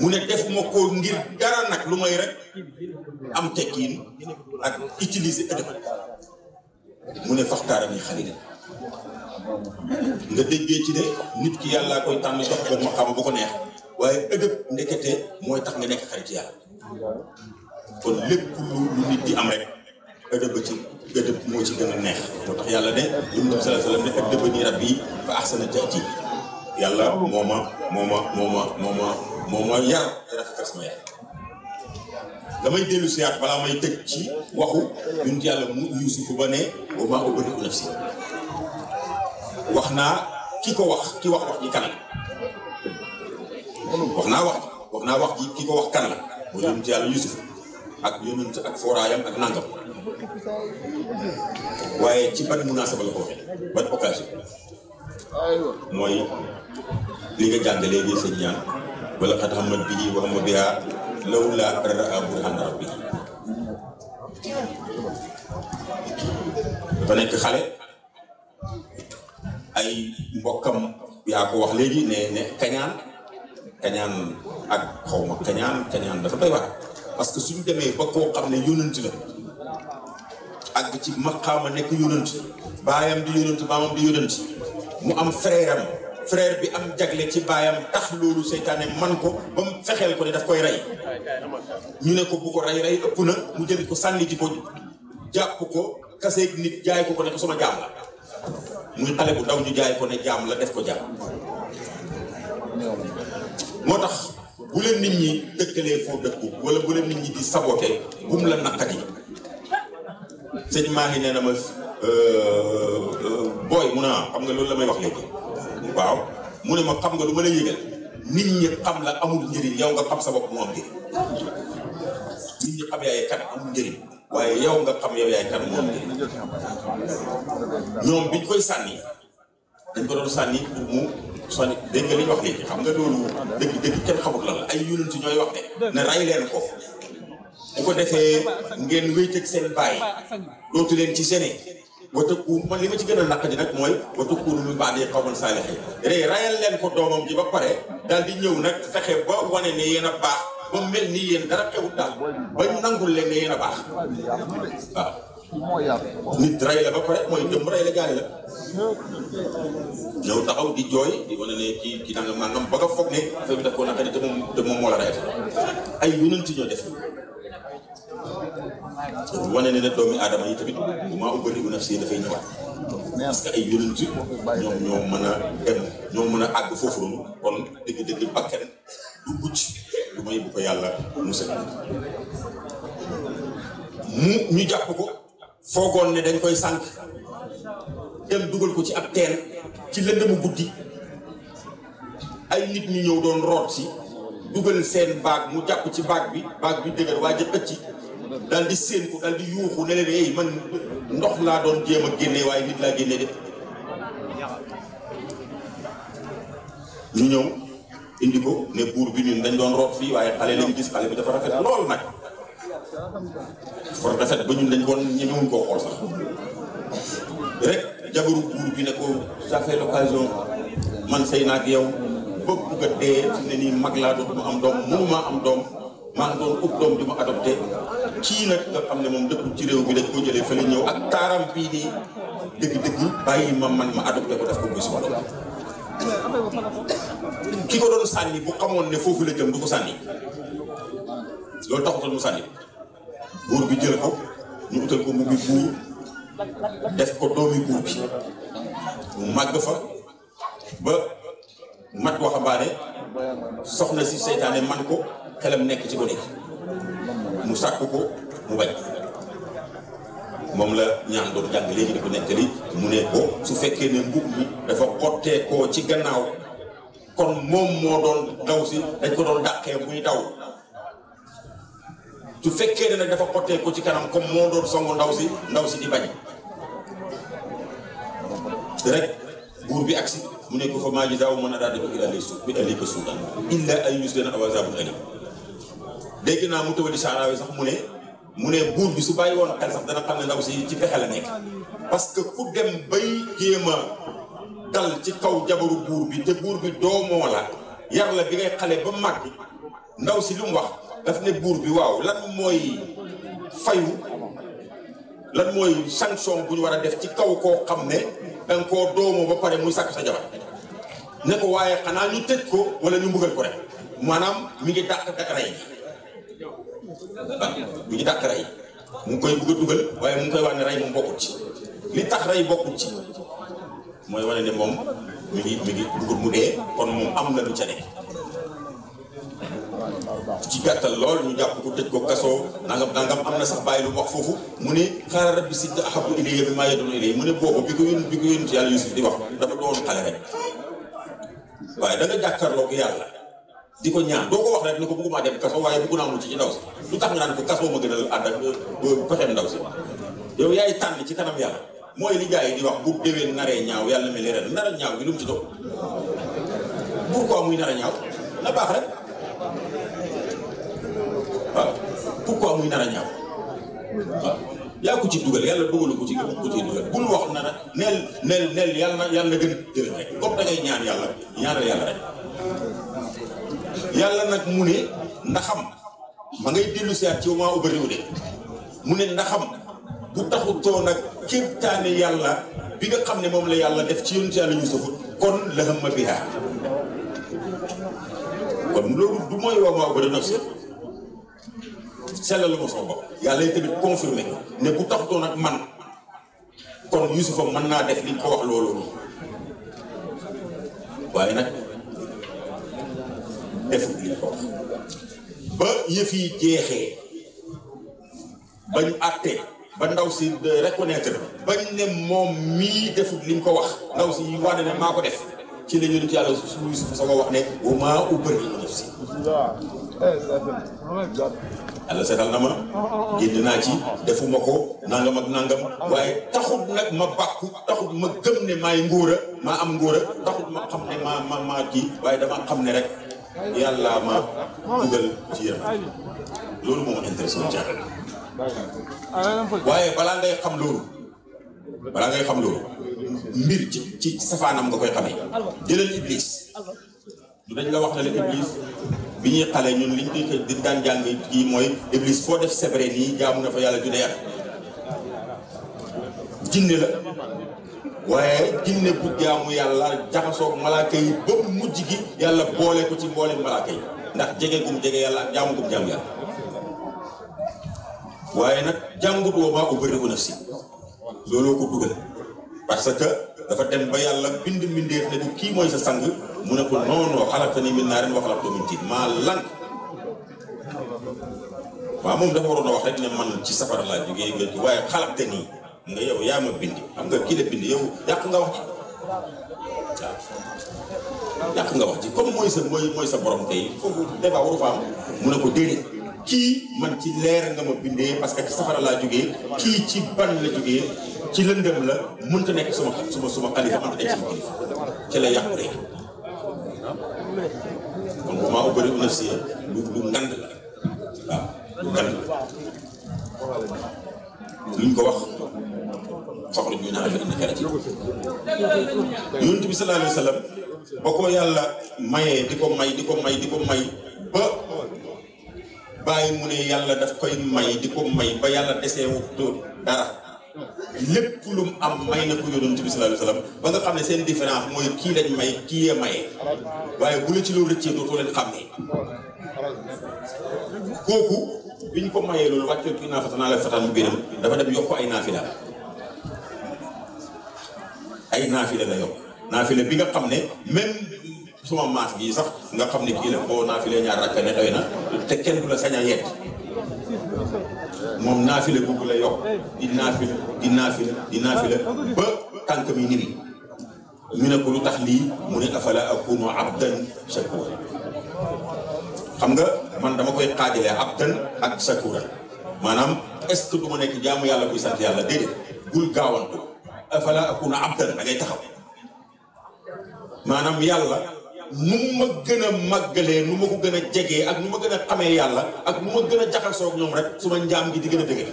mu ne defuma ko ngir dara nag lu may rek am tekkiin ak utiliser ëdëmat mu ne faxtaaram yi xalil nga déggee ci ne nit ki yàllaa koy tànn sox ko maqaama bu ko neex waaye ëdëb ndekete mooy tax nga nekk xarit yàlla kon lépp lu nit di am rek ci ëdëb moo ci gën a neex moo tax yàlla ne lu mu sallallahu alayhi wasallam ne ëdëbani rabbi fa ahsana ta'ti yàlla moo ma moo ma moo ma moo ma moo ma yar te rafetal sama yar damay dellu siyaat balaa may tëj ci waxu ñun yàlla mu yuusufu ba ne wa maa ubari'u nafsi waxna kiko wax ki wax wax ji kan la wax naa wax wax naa wax ji ki ko wax kan la mooy yonent yàlla Yusuf ak yonent ak forayam ak nangam waye ci ban munasaba la ko waxe ban occasion moy li nga jàng léegi sëñ ñaan wala xat xamat bi wax ma biha law la raa burhan rabbi dafa nekk xale ay mbokkam yaa ko wax léegi ne ne kañaan kañaan ak xaw ma kañaan kañaan dafa doy waar parce que suñu demee ba koo xam ne yónant la ak ci maqaama nekk yónant baayam di yónant maamam di yónant mu am frère am frère bi am jagle ci baayam tax loolu seytaane man ko ba mu fexeel ko ne daf koy rey ñu ne ko bu ko rey rey ëpp na mu jëm ko sànni ji ko jàpp ko kaseeg nit jaay ko ko ne ko sama jaam muy xale bu ndaw ñu jaay ko ne jaam la def ko jaam moo tax bu leen nit ñi dëkkalee foo dëkku wala bu leen nit ñi di sabote bum la naqari sëñ Mahi nee na ma euh, euh, booy mu ne xam nga loolu la may wax léegi waaw mu ne ma xam nga lu ma la yëgal nit ñi xam la amul njëriñ yow nga xam sa bopp mu am njëriñ nit ñi xam yaay kan amul njëriñ. วัยย่อมกับคำเยาว่ๆกันหมดยอมบิดคุยสันนีิดิบรสันนีุ่้มูสันนีเด็กเลี้ยงวัคซีนคำเัินดูดูเด็กเด็กที่เข้บุกลังอายุนั้นจะย้อยวัคซีนในไร่เลี้ยงก็ผมก็ได้เห็นเงินวิจิตรเซนไปรู้ทุเรียนชิเซนวัตุคุ้มันลิ้มชิเกนนักจินกมวยวัตถุคุ้มมีบาดีเข้าันส่เลยเรื่อยไร่เลี้ยงก็โดนมันจีบก็เร่ดันดิู้นักสัเหว่วันนี้นักบ้า ba mu mel ni yéen dara xewut daal nangul leen ne a baax waaw nit rey la ba pare mooy jëm rey la gaari la ñëw taxaw di jooy di wane ne kii kii nangam nangam ba nga foog ne affaire bi daf ne ne doomi aadama yi tamit bu maa ubbari dafay ñëwaat ñoom ñoo mën a dem ñoo mën a àgg foofu noonu kon dëgg-dëgg bakkan du mucc du may bu ko yàlla musal mu ñu jàpp ko foogoon ne dañ koy sànq dem dugal ko ci ab teen ci lëndëmu guddi ay nit ñu ñëw doon root si dugal seen baag mu jàpp ci baag bi baag bi dëgër waa jëpp ci daal di séen ko daal di yuuxu ne leen ay man ndox laa doon jéem a génne waaye nit laa génne de ñu ñëw indi ko ne buur bi ñun dañ doon root fii waaye xale lañu gis xale bi dafa rafet lool nag for rafet ba ñun dañ doon ñemewuñ koo xool sax rek jabaru buur bi ne ko ça fait l'occasion man sëy naa yow bëgg nga dee fi ne nii mag laa dootuma am doom mënuma am doom man ngi doon ut doom di ma adopté kii nag nga xam ne moom dëkk ci réew bi dañ koo jëlee fa fële ñëw ak taaram bii nii dëgg-dëgg bàyyi ma man ma adopté ko daf ko gis wala ki ko doon sànni bu amoon ne foofu la jëm du ko sànni loolu taxutoon mu sànni buur bi jël ko ñu utal ko mu ngi buur bi mu fa ba mat waxambaane soxna si seytaane man ko xelam nekk ci ko nekk mu sàkk ko mu bañ moom la ñaan doon jàng léegi di ko nekkali mu ne ko su fekkee ne mbub mi dafa xotteekoo ci gannaaw kon moom moo doon daw si dañ ko doon dàqee muy daw su fekkee ne nag dafa xotteekoo ci kanam comme moo doon songu ndaw si ndaw si di bañ rek buur bi agsi mu ne ko fa maa jazaaw man araada bi ilaa bi ahlika suu'an illaa an yusjana aw azaabun aliim dégg naa mu tawali saaraawe sax mu ne mu ne buur bi su bàyyi woon a xel sax dana xam ne ndaw si ci pexe la nekk parce que ku dem bay jéem a dal ci kaw jabaru buur bi te buur bi doomoo la yar la bi ngay xale ba màgg ndaw si lu mu wax daf ne buur bi waaw lan mooy fayu lan mooy sanction bu ñu war a def ci kaw koo xam ne danga koo doomoo ba pare muy sàkk sa jabar ne ko waaye xanaa ñu tëj ko wala ñu mbugal ko rek maanaam mi ngi dàq rey mu ngi dàq rey mu ngi koy bëgg a dugal waaye mu ngi koy wax ne rey moom bokkut ci li tax rey bokkut ci mooy wane ne moom mi ngi mi ngi mu dee kon am na lu ca nekk ci gàttal lool ñu jàpp ko tëj ko kasoo nangam nangam am na sax bàyyi lu mu wax foofu mu ne xaara bi si ahabu ilayya mimmaa yad'una ilayhi mu ne boobu bi ko yónni bi ko yónni yàlla Yuusuf di wax dafa doon xale rek waaye da nga jàkkaarloo ak yàlla di ko ñaan doo ko wax rek ni ko bëgguma dem kaso waaye bëgg naa ci ci ndaw si lu tax nga naan ko kasoo ma gën a ànd ak pexe ndaw si yow yaay ci kanam yàlla mooy li gars yi bu déwén naree ñaaw yàlla mel ren nara ñaaw bi ci doon pourquoi muy nara ñaaw na yaa ko ci dugal yàlla dugalu ko ci gën ko ci dugal bul wax na na neel neel yàlla na yàlla na gën jëlee rek ñaan yàlla ñaanal yàlla rek. yàlla nag mu ne ndaxam ma ngay dellu seet ci maa ubba réew de mu ne ndaxam bu taxutoo nag kéemtaane yàlla bi nga xam ne moom la yàlla def ci yonent yàlla Yuusufa kon la hëmma biha kon du mooy waa maa ubba ma sama bopp yàlla yi tamit ne bu taxutoo nag man kon Yuusufa mën naa def liñ ko wax loolu waaye nag defut li ba yëfi jeexee ba ñu àttee ba ndaw si de reconnaître bañ ne moom mii defut liñ ko wax ndaw si wane ne maa ko def ci la yonent yàlla su wax ne wa maa ubarri'u nafsi na ma génn naa ci defuma ko nangam ak nangam waaye taxut nag ma bàkku taxut ma gëm ne maay ngóora maa am ngóora taxut ma xam ne maa maa kii waaye dama xam ne rek yàllaa ma dugal ci yéen loolu moo ma intéressé woon caaxaan waaye balaa ngay xam loolu balaa ngay xam loolu mbir ci ci safaanam nga koy xamee jëlal iblis lu dañ la wax ne bi ñuy xale ñun liñ di daan jàng kii mooy iblis foo def sebre nii jaamu na fa yàlla ju neex jinne la waaye jinne bu jaamu yàlla jaxasoog malaaka yi ba mujj gi yàlla boole ko ci mboole malaaka yi ndax jege gum jege yàlla ak jaamu gum jaamu yàlla waaye nag jàngut woo maa ubarri'u nafsi looloo ko dugal parce que dafa dem ba yàlla bind mbindeef ne ko kii mooy sa sang mu ne ko noonoo xalaqtanii min wax la xalaqtahu min tiin maa lànk waaw moom dafa waroon a wax rek ne man ci safara laa jógee waaye xalaqtanii nga yow yaa ma bind xam nga kii la bind yow yàq nga wax ji waaw yàq nga wax ji comme mooy sa mooy mooy sa borom tey foofu débat waru fa am mu ne ko déedéet kii man ci leer nga ma bindee parce que ci safara laa jógee kii ci ban la jógee ci lëndëm la mënta nekk suma suma suma xalifa mënta nekk ci la yàqu rek maa ubbari nafsi lu lu ngand la lu ngand la luñ ko wax soxla ñu ñaan indi xel ci yonent bi sallallahu alayhi wa sallam ba ko yàlla mayee di ko may di ko may di ko may ba bàyyi mu ne yàlla daf koy may di ko may ba yàlla desee wut dara lépp lu mu am may na ko yonent bi sallallahu alayhi wa sallam ba nga xam ne seen différence mooy kii lañ may kii yee mayee waaye bu la ci loolu rëccee dootoo leen xam ne kooku bi ñu ko mayee loolu wàcceel kii naa fatanaa la fataan mu génnam dafa dem yokk ay naafila ay naafile la yow naafile bi nga xam ne même suma maas gii sax nga xam ne kii la boo naafile ñaar rakka ne doy na te kenn du la sañ a yett moom naafile bugg la yokk di naafile di naafile ba tànk mi niri ñu ne ko lu tax lii mu ne afala akunu abdan shakura xam nga man dama koy xaajale abdan ak sa shakura maanaam est ce que du ma nekk jaamu yàlla buy sant yàlla déedéet bul gaawantu afala akuna abdan da ngay taxaw maanaam yàlla nu ma gën a màggalee nu ma ko gën a jege ak nu ma gën a amee yàlla ak nu ma gën a jaxasoo ak ñoom rek su ma njaam gi di gën a dëgër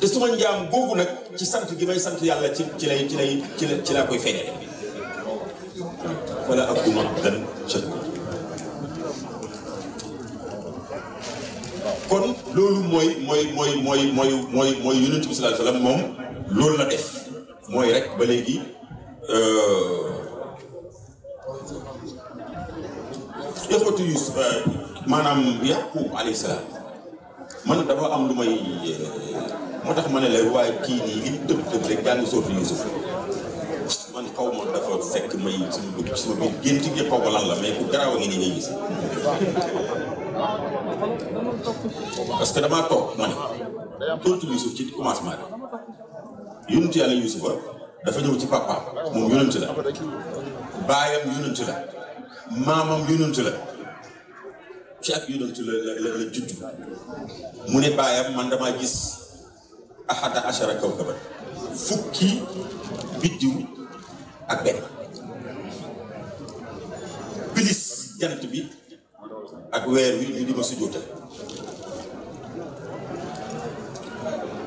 te su ma njaam googu nag ci sant gi may sant yàlla ci ci lay ci lay ci la ci laa koy feeñale afala akuna abdan shakur kon loolu mooy mooy mooy mooy mooy mooy mooy yonent bi sallallahu alayhi wa sallam moom lool la def moy rek ba léegi yëfatu euh, yus euh, manam yàqub alayhi salam man dafa am lu may euh, moo tax ma ne la waaye kii nii li tëb tëb rek jang sofi yusuf man kaw mo dafa fekk may suñu dugg suma bi gént gi xaw ma lan la mais ku garaaw a ngi nii ngay gis parce que damaa toog ma ne tontu yusuf ci commencement bi yonent yàlla Yuusufa dafa ñëw ci papaam moom yonent la baayam yonent la maamam yonent la ci ak yonent la la la judd mu ne baayam man damaa gis ahada achara kawkaban fukki biddiw ak benn pilis jant bi ak weer wi ñu di ma sujjóotal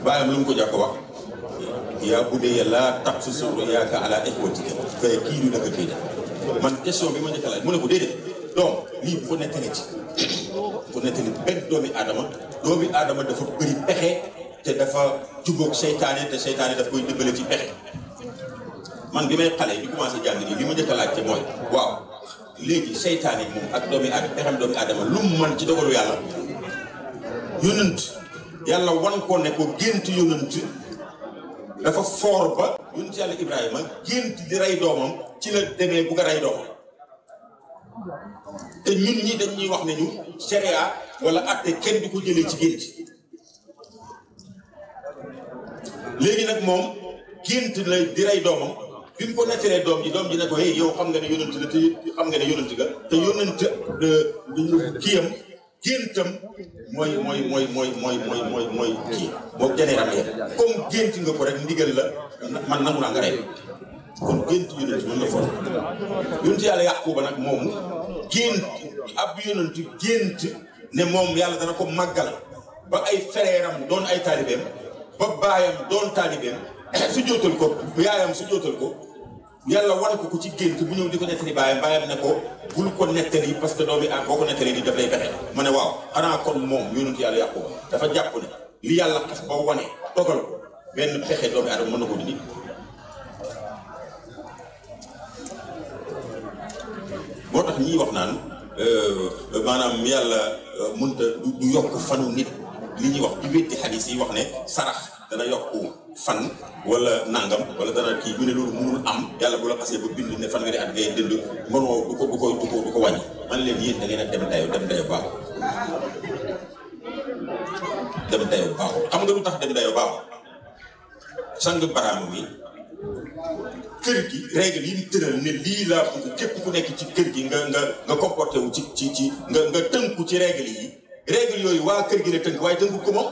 baayam lu mu ko jàkk wax yaa bunayya laa tabsut ru'yaaka alaa ixwatika fa yakiidu laka kaydan man question bi ma njëkk a laaj mu ne ko déedéet donc lii bu ko nettali ci bu ko nettali benn doomi aadama doomi aadama dafa bëri pexe te dafa jubóog seytaane te seytaane daf koy dimbale ci pexe man bi may xale bi commencé jàng nii li ma njëkk a laaj te mooy waaw léegi seytaane moom ak doomi aadama pexem doomi aadama lu mu mën ci dogalu yàlla yonent yàlla wan ko ne gént yonent dafa foor ba yonent yàlla Ibrahima gént di rey doomam ci la demee bu nga rey doomam te ñun ñi dañ ñuy wax ne ñu sharia wala atte kenn du ko jëlee ci gént léegi nag moom gént la di rey doomam bi mu ko nettalee doom ji doom ji ne ko hey yow xam nga ne yonent la te xam nga ne yonent ga te yonent kiyam géntam mooy mooy mooy mooy mooy mooy mooy mooy kii boo janee rab yéen comme gént nga ko rek ndigal la man nangu naa nga rey kon gént yonent noonu la for yonent yàlla Yaquuba nag moomu gént ab yonent gént ne moom yàlla dana ko màggal ba ay fereeram doon ay taalibeem ba baayam doon taalibeem su jootal ko yaayam su jootal ko yàlla wan ko ku ci gént bu ñëw di ko ni bàyyam bàyyam ne ko bul ko nettali parce que doomi aadama boo ko nettali nii daf lay ma ne waaw xanaa kon moom yonent yàlla yàqu dafa jàpp ne li yàlla xas ba wane dogal ko benn fexe doomi aadama mën na ko dindi moo tax ñii wax naan euh, maanaam yàlla euh, mënta du yokk fanu nit li ñuy wax di wétti xadis yi wax ne sarax dana yokku fan wala nangam wala dana kii bu ne loolu mënul am yàlla bu la passé ba bind ne fan nga di at ngay ko du ko ko du ko wàññi man leen yéen dem dayo dem dayo baaxul dem dayo baaxul xam nga lu tax dem dayo baaxul sang baraam mi kër gi règle yi di tëral ne lii laa bëgg képp ku nekk ci kër gi nga nga nga comporté wu ci ci ci nga nga tënku ci règle yi règle yooyu waa kër gi ne tënk waaye tënku ko moom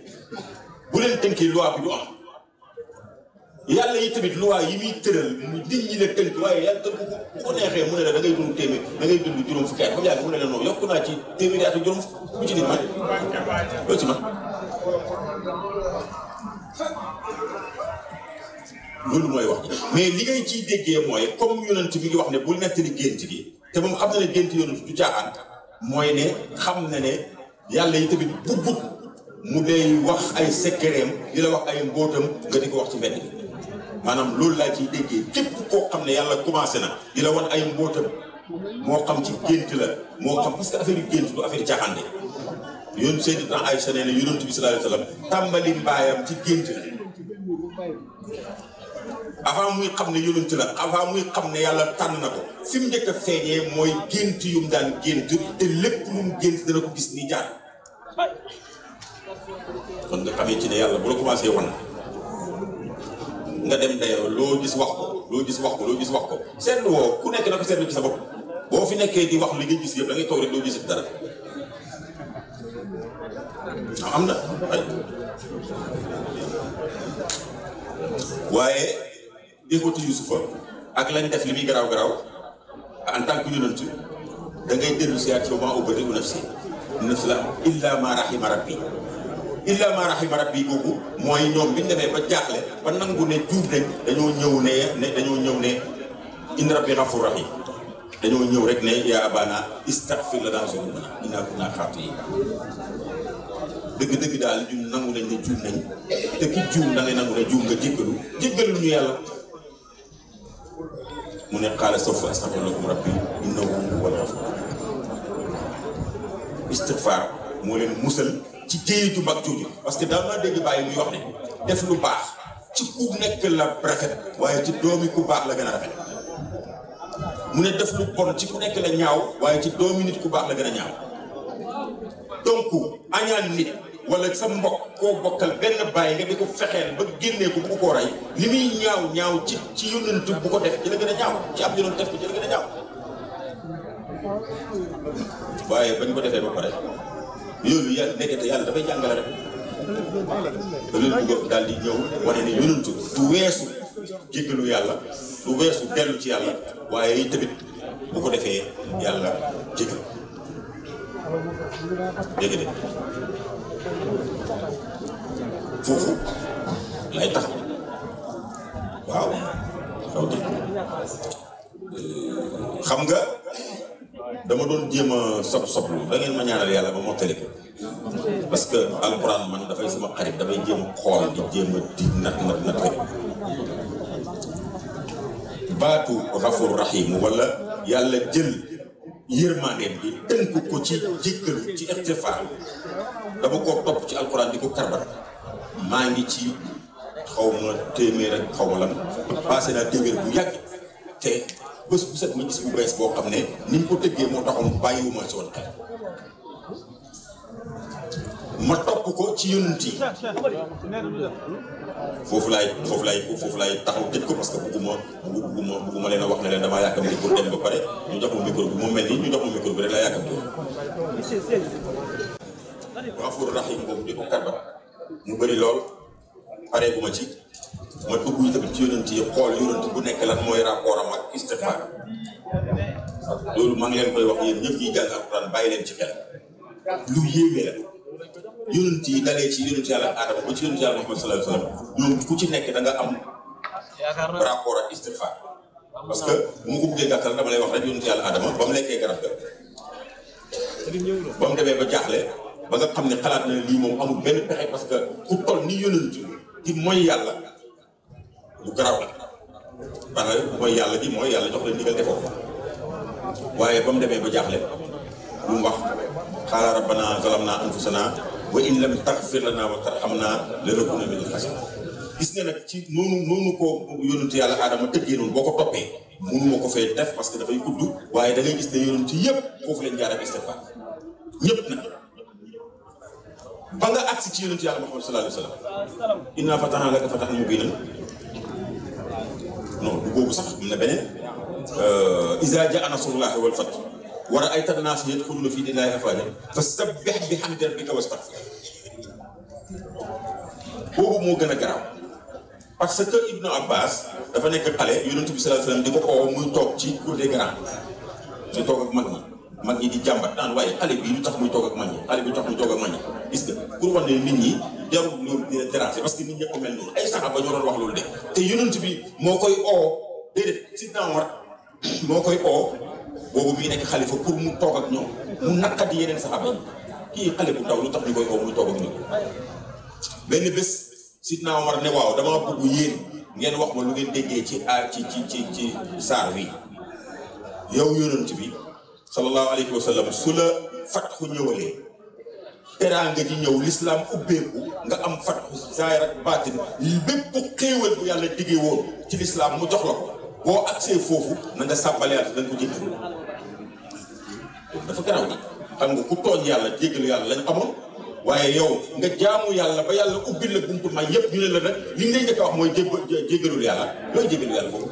bu leen tënkee loi bi du am yàlla yi tamit loi yi muy tëral nit ñi la tënk waaye ko dund téeméer da dund juróom fukki at mu ne la non yokku naa ci téeméeri at ak juróom fukki ci nit man ci man loolu mooy wax mais li ngay déggee mooy comme yonent bi ngi wax ne bul nettali gént bi te moom xam na ne gént yonent du caaxaan mooy ne xam na ne yàlla yi tamit bëggut mu dee wax ay secret di la wax ay mbóotam nga di ko wax ci mbedd bi maanaam loolu laa ciy déggee képp koo xam ne yàlla commencé na di la wan ay mbóotam moo xam ci gént la moo xam parce que affaire yu gént du affaire caaxaan de yoon Seydina Aïcha nee na yonent bi sallallahu alayhi wa tàmbali mbaayam ci gént la avant muy xam ne yonent la avant muy xam ne yàlla tànn na ko fi mu njëkk a feeñee mooy gént yu mu daan gént te lépp lu mu gént dana ko gis ni jaar kon nga xamee ci ne yàlla bu la commencé wan nga dem dayoo loo gis wax ko loo gis wax ko loo seetlu woo ku nekk na ko seetlu ci sa bopp boo fi nekkee di wax li nga gis yëpp da ngay toog rek doo gis dara am na ay waaye éxotu Yusufa ak lañ def li muy garaaw garaaw en tant que yonent da ngay dellu si at yow maa ubbati nafsi nafsi la illa ma rahima rabbi illa ma rahima rabbi boobu mooy ñoom bi ñu demee ba jaaxle ba nangu ne juub nañ dañoo ñëw ne dañoo ñëw ne inna rabbi dañoo ñëw rek ne yaa abana istaghfir lana zunubana inna kunna xaati'in dëgg-dëgg daal ñun nangu ne juum nañ te ki juum da ngay nangu ne juum nga jéggalu jéggalu ñu yàlla mu ne qaala sawfa astaghfiru lakum moo leen musal ci jéye ju mag parce que daan naa dégg bàyyi muy wax ne def lu baax ci ku nekk la rafet waaye ci doomi ku baax la gën a rafet mu ne def lu bon ci ku nekk la ñaaw waaye ci doomi nit ku baax la gën a ñaaw donc añaan nit wala sa mbokk koo bokkal benn bàyyi nga di ko fexeel ba génnee ko bu ko rey li muy ñaaw ñaaw ci ci yónnent bu ko def ci la gën a ñaaw ci ab yónnent def ko ci la gën a ñaaw waaye bañ ko defee ba pare yooyu yàlla nekkete yàlla dafay jàngale rek yonent boobu daal di ñëw wane ne yonent du weesu jéggalu yàlla du weesu dellu ci yàlla waaye yi tamit bu ko defee yàlla jéggal dégg de foofu lay tax waaw euh, xam nga dama doon jéem a sob soblu ma ñaanal yàlla ba moo ko parce que alxuraan man dafay sama xarit dafay jéem a xool di jéem a di nat nat nat rek baatu xafur rahim wala yàlla jël yërmandeem bi tënk ko ci jëkkëru ci ixtifaar dama koo topp ci alxuraan di ko karbat maa ngi ci xaw ma téeméer ak xaw ma lan passé naa téeméer bu yàgg te bës bu set ma gis bu bees boo xam ne ni ñu ko tëggee moo taxoon bàyyiwuma ci woon xel ma topp ko ci yonent yi foofu laay foofu laay foofu laay taxaw tëj ko parce que bugguma bugguma bugguma leen a wax ne leen damaa yàkkam ni pour dem ba pare ñu jox mu mel nii ñu jox ma laa yàkkam doon waaw Gafuur Rahim boobu di ko karba mu bëri lool pareegu ma ci ma dugg tamit ci yonent yi xool yonent bu nekk lan mooy rapport am ak istighfar loolu maa ngi leen koy wax yéen ñëpp ñuy jàng bàyyi leen ci lu yéeme la yonent yi dalee ci ci yonent yàlla Muhammad ku ci nekk da nga am rapport ak istighfar parce que bu ma ko bëggee gàttal dama lay wax rek yonent yàlla Adama ba mu lekkee garab ga ba mu demee ba jaaxle ba nga xam ne xalaat na lii moom amul benn pexe parce que ku toll ni yonent di mooy yàlla lu garaaw la parce que mooy yàlla di mooy yàlla jox leen ndigal defoo waaye ba mu demee ba jaaxle lu mu wax xaala rabbana zalamna anfusana wa in lam taghfir lana wa tarhamna lanakuna min al-khasirin gis nga nag ci noonu noonu ko yónent yàlla aadama tëggee noonu boo ko toppee mënuma ko fee def parce que dafay gudd waaye da gis ne yónent yëpp foofu lañ jaar ak istixfaar ñëpp nag فانا اكسي تي محمد صلى الله عليه وسلم ان فتحنا لك فتحا مبينا نو بوكو صح من بنين اذا جاء نصر الله والفتح ورايت الناس يدخلون في دين الله افاجا فسبح بحمد ربك واستغفر بوكو مو غنا كراو باسكو ابن عباس دا فا نيك خالي يونس صلى الله عليه وسلم ديكو او مو توك تي كور دي غران تي توك ماغنا mag ñi di jàmbat naan waaye xale bi lu tax muy toog ak mag ñi xale bi lu tax muy toog ak mag ñi gis nga pour wax ne nit ñi jarul loolu dina déranger parce que nit ñëpp ko mel noonu ay saxaaba ñoo doon wax loolu de te yonent bi moo koy oo déedéet si war moo koy oo boobu muy nekk xalifa pour mu toog ak ñoom mu nakkat yeneen saxaaba yi kii xale bu ndaw lu tax ñu koy oo muy toog ak ñoom benn bés Sidna Omar ne waaw dama bëgg yéen ngeen wax ma lu ngeen déggee ci ci ci ci ci saar wi yow yonent bi sallallahu alayhi wa sallam su la fatxu ñëwalee teraanga ji ñëw lislaam ubbeeku nga am fatxu zaahir ak baatin bépp xéewal bu yàlla digee woon ci lislaam mu jox la ko boo agsee foofu na nga sàbbaleat da nga ko jéggal yàlla jéggalu yàlla lañ amoon waaye yow nga jaamu yàlla ba yàlla ubbi la buntu may yëpp ñu ne la nag li ñu lay wax mooy jéggalul yàlla looy jéggalul yàlla foofu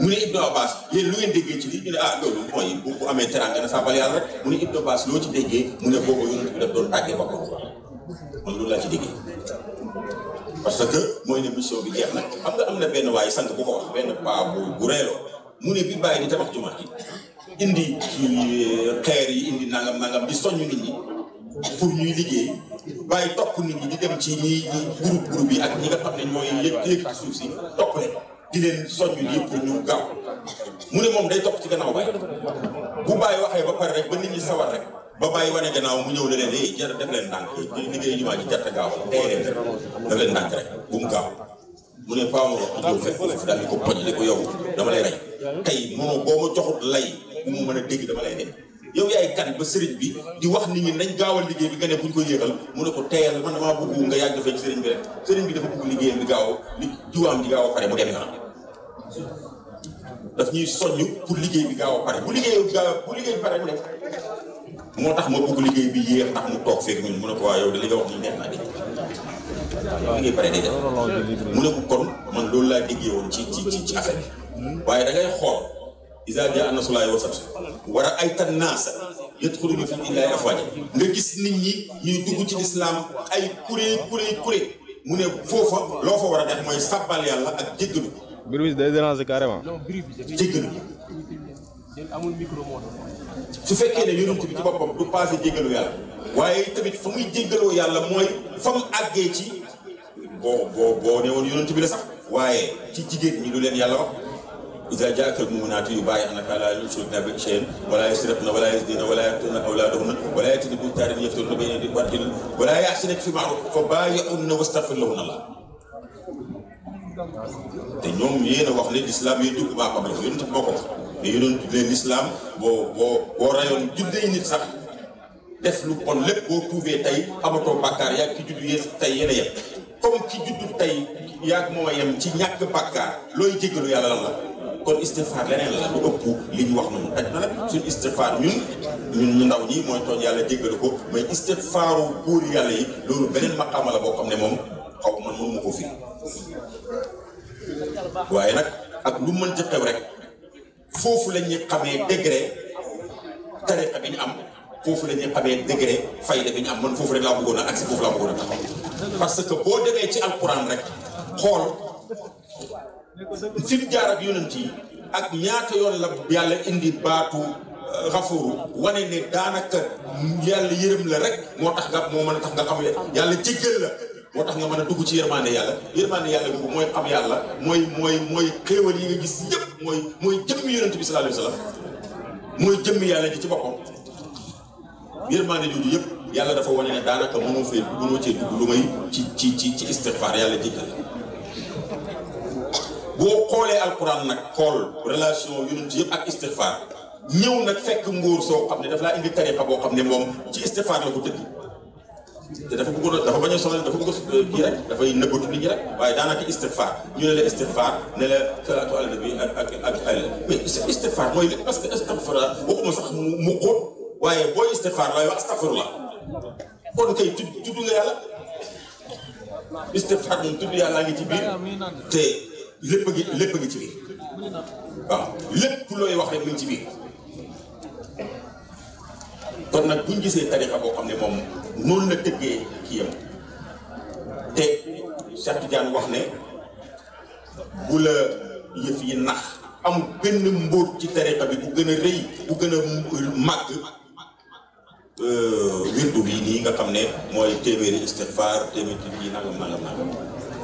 mu ne Ibnu Abbas yéen lu ngeen déggee ci lii ñu ne ah loolu mooy bu bu amee teranga na sàbbal yàlla rek mu ne Ibnu Abbas loo ci déggee mu ne boobu yonent bi ci déggee parce que mooy ne mission bi jeex na xam nga am na benn waaye sant bu ko wax benn paa bu bu reeloo mu ne bi bàyyi di tabax jumaa yi indi euh, xeer yi indi nangam nangam di soññ nit ñi pour ñuy liggéey bàyyi topp nit ñi di dem ci ñi groupe groupe yi ak ñi nga xam ne ñooy yëg yëg suuf si topp leen di leen soññ lii pour ñu gaaw mu ne moom day topp ci gannaaw Baye bu Baye waxee ba pare rek ba nit ñi sawar rek ba Baye wane gannaaw mu ñëw ne leen eh jar def leen ndànk di liggéey jumaa ji jàtt gaaw tey leen rek def leen ndànk ne Paa Morouf ñëw fekk ko poñ ne ko yow dama lay rey tey mënoo boo ma joxut lay bu mu mën a dégg dama lay rey yow ba sëriñ bi di wax nit ñi nañ gaawal liggéey bi nga ne buñ ko yéexal mu ne ko teyal man damaa bëgg nga yàgg feeñ sëriñ bi rek sëriñ bi dafa bëgg liggéeyam bi gaaw li jiwaam di gaaw a pare mu dem yoonam daf ñuy soññ pour liggéey bi gaaw a pare bu liggéey bi gaaw bu liggéey bi pare mu moo tax ma bëgg liggéey bi yéex ndax mu toog feeg mu ne ko waa yow de li nga wax ñu neex naa dégg mu ne ko man loolu laa déggee woon ci ci ci waaye dangay ngay xool isa jaa nasrullaahi wal fath war a ay tan naasa yadxuluuna fii diinillaahi afwaajan nga gis nit ñi ñuy dugg ci lislaam ay kuréel kuréel kuréel mu ne foofa loo fa war a def mooy sabbal yàlla ak jéggalu mbir mi day déranger carrément. jéggalu. su fekkee ne yonent bi ci boppam du passé jéggalu yàlla. waaye tamit fa muy jéggaloo yàlla mooy fa mu àggee ci. boo boo boo ne woon bi la sax. waaye ci jigéen ñi lu leen yàlla wax. iza jaaka al-mu'minaatu yubaayi'naka 'alaa an yushrikna bi shay'in wa laa yusrifna wa laa yazniina wa laa yaqtulna awlaadahunna wa laa ya'tina bi buhtaanin yaftaruunahu bihi 'inda Allaahi wa 'alaa ya'sinaka fii ma'ruufin fa baayi'uhunna wastaghfir lahunna Allaah te ñoom yéen a wax ne lislaam yooyu dugg baa ko bañ yéen tax boo ko wax mais yéen lislaam boo boo boo rayoon juddee nit sax def lu bon lépp boo tuubee tey amatoo bàkkaar yaa ki juddu yéen tey yéen a yem comme ki juddu tey yaa moo yem ci ñàkk bàkkaar looy jéggalu yàlla lan la kon istifaar leneen la lu ëpp li ñu wax mu daj na la suñ istifaar ñun ñu ndaw ñi mooy tooñ yàlla jéggalu ko mais istifaaru góor yàlla yi loolu beneen maqaama la boo xam waaye nag ak lu mën ci xew rek foofu la ñuy xamee degré tariqa bi ñu am foofu la ñuy xamee degré fayda bi ñu am man foofu rek laa bëggoon a ak si foofu laa bëggoon a taxaw parce que boo demee ci alquran rek xool fi mu jaar ak yonent yi ak ñaata yoon la yàlla indi baatu euh, xafuru wane ne daanaka yàlla yërëm la rek moo tax nga moo mën a tax nga xam le yàlla jéggal la moo tax nga mën a dugg ci yërmaande yàlla yërmaande yàlla bi mooy am yàlla mooy mooy mooy xéewal yi nga gis yëpp mooy mooy jëmmi yonent bi sallallahu alayhi wa sallam mooy jëmmi yàlla ji ci boppam yërmaande jooju yëpp yàlla dafa wane ne daanaka mënoo fee mënoo cee dugg lu may ci ci ci ci istigfaar yàlla jéggal boo xoolee alquran nag xool relation yonent yëpp ak istigfaar ñëw nag fekk nguur soo xam ne daf laa indi tariqa boo xam ne moom ci istigfaar la ko tëdd te dafa bëggoon a dafa bañ a sonal dafa bëgg a kii rek dafay nëbbatu nit ñi rek waaye daanaka istighfar ñu ne la istighfar ne la salaatu ala nabi ak ak ak ay mais istighfar mooy lépp parce que istighfar waxuma sax mu mu xóot waaye booy istighfar waaye wax astaghfirullah kon kay tudd tudd nga yàlla istighfar moom tudd yàlla ngi ci biir te lépp ngi lépp ngi ci biir waaw lépp looy wax rek mi ngi ci biir kon nag bu ñu gisee tarixa boo xam ne moom. noonu la tëggee kii yam te Cheikh wax ne bu la yëf yi nax am benn mbóot ci tariqa bi bu gën a rëy bu gën a màgg euh, wirdu bi nii nga xam ne mooy téeméeri istigfaar téeméeri yi nangam nangam nangam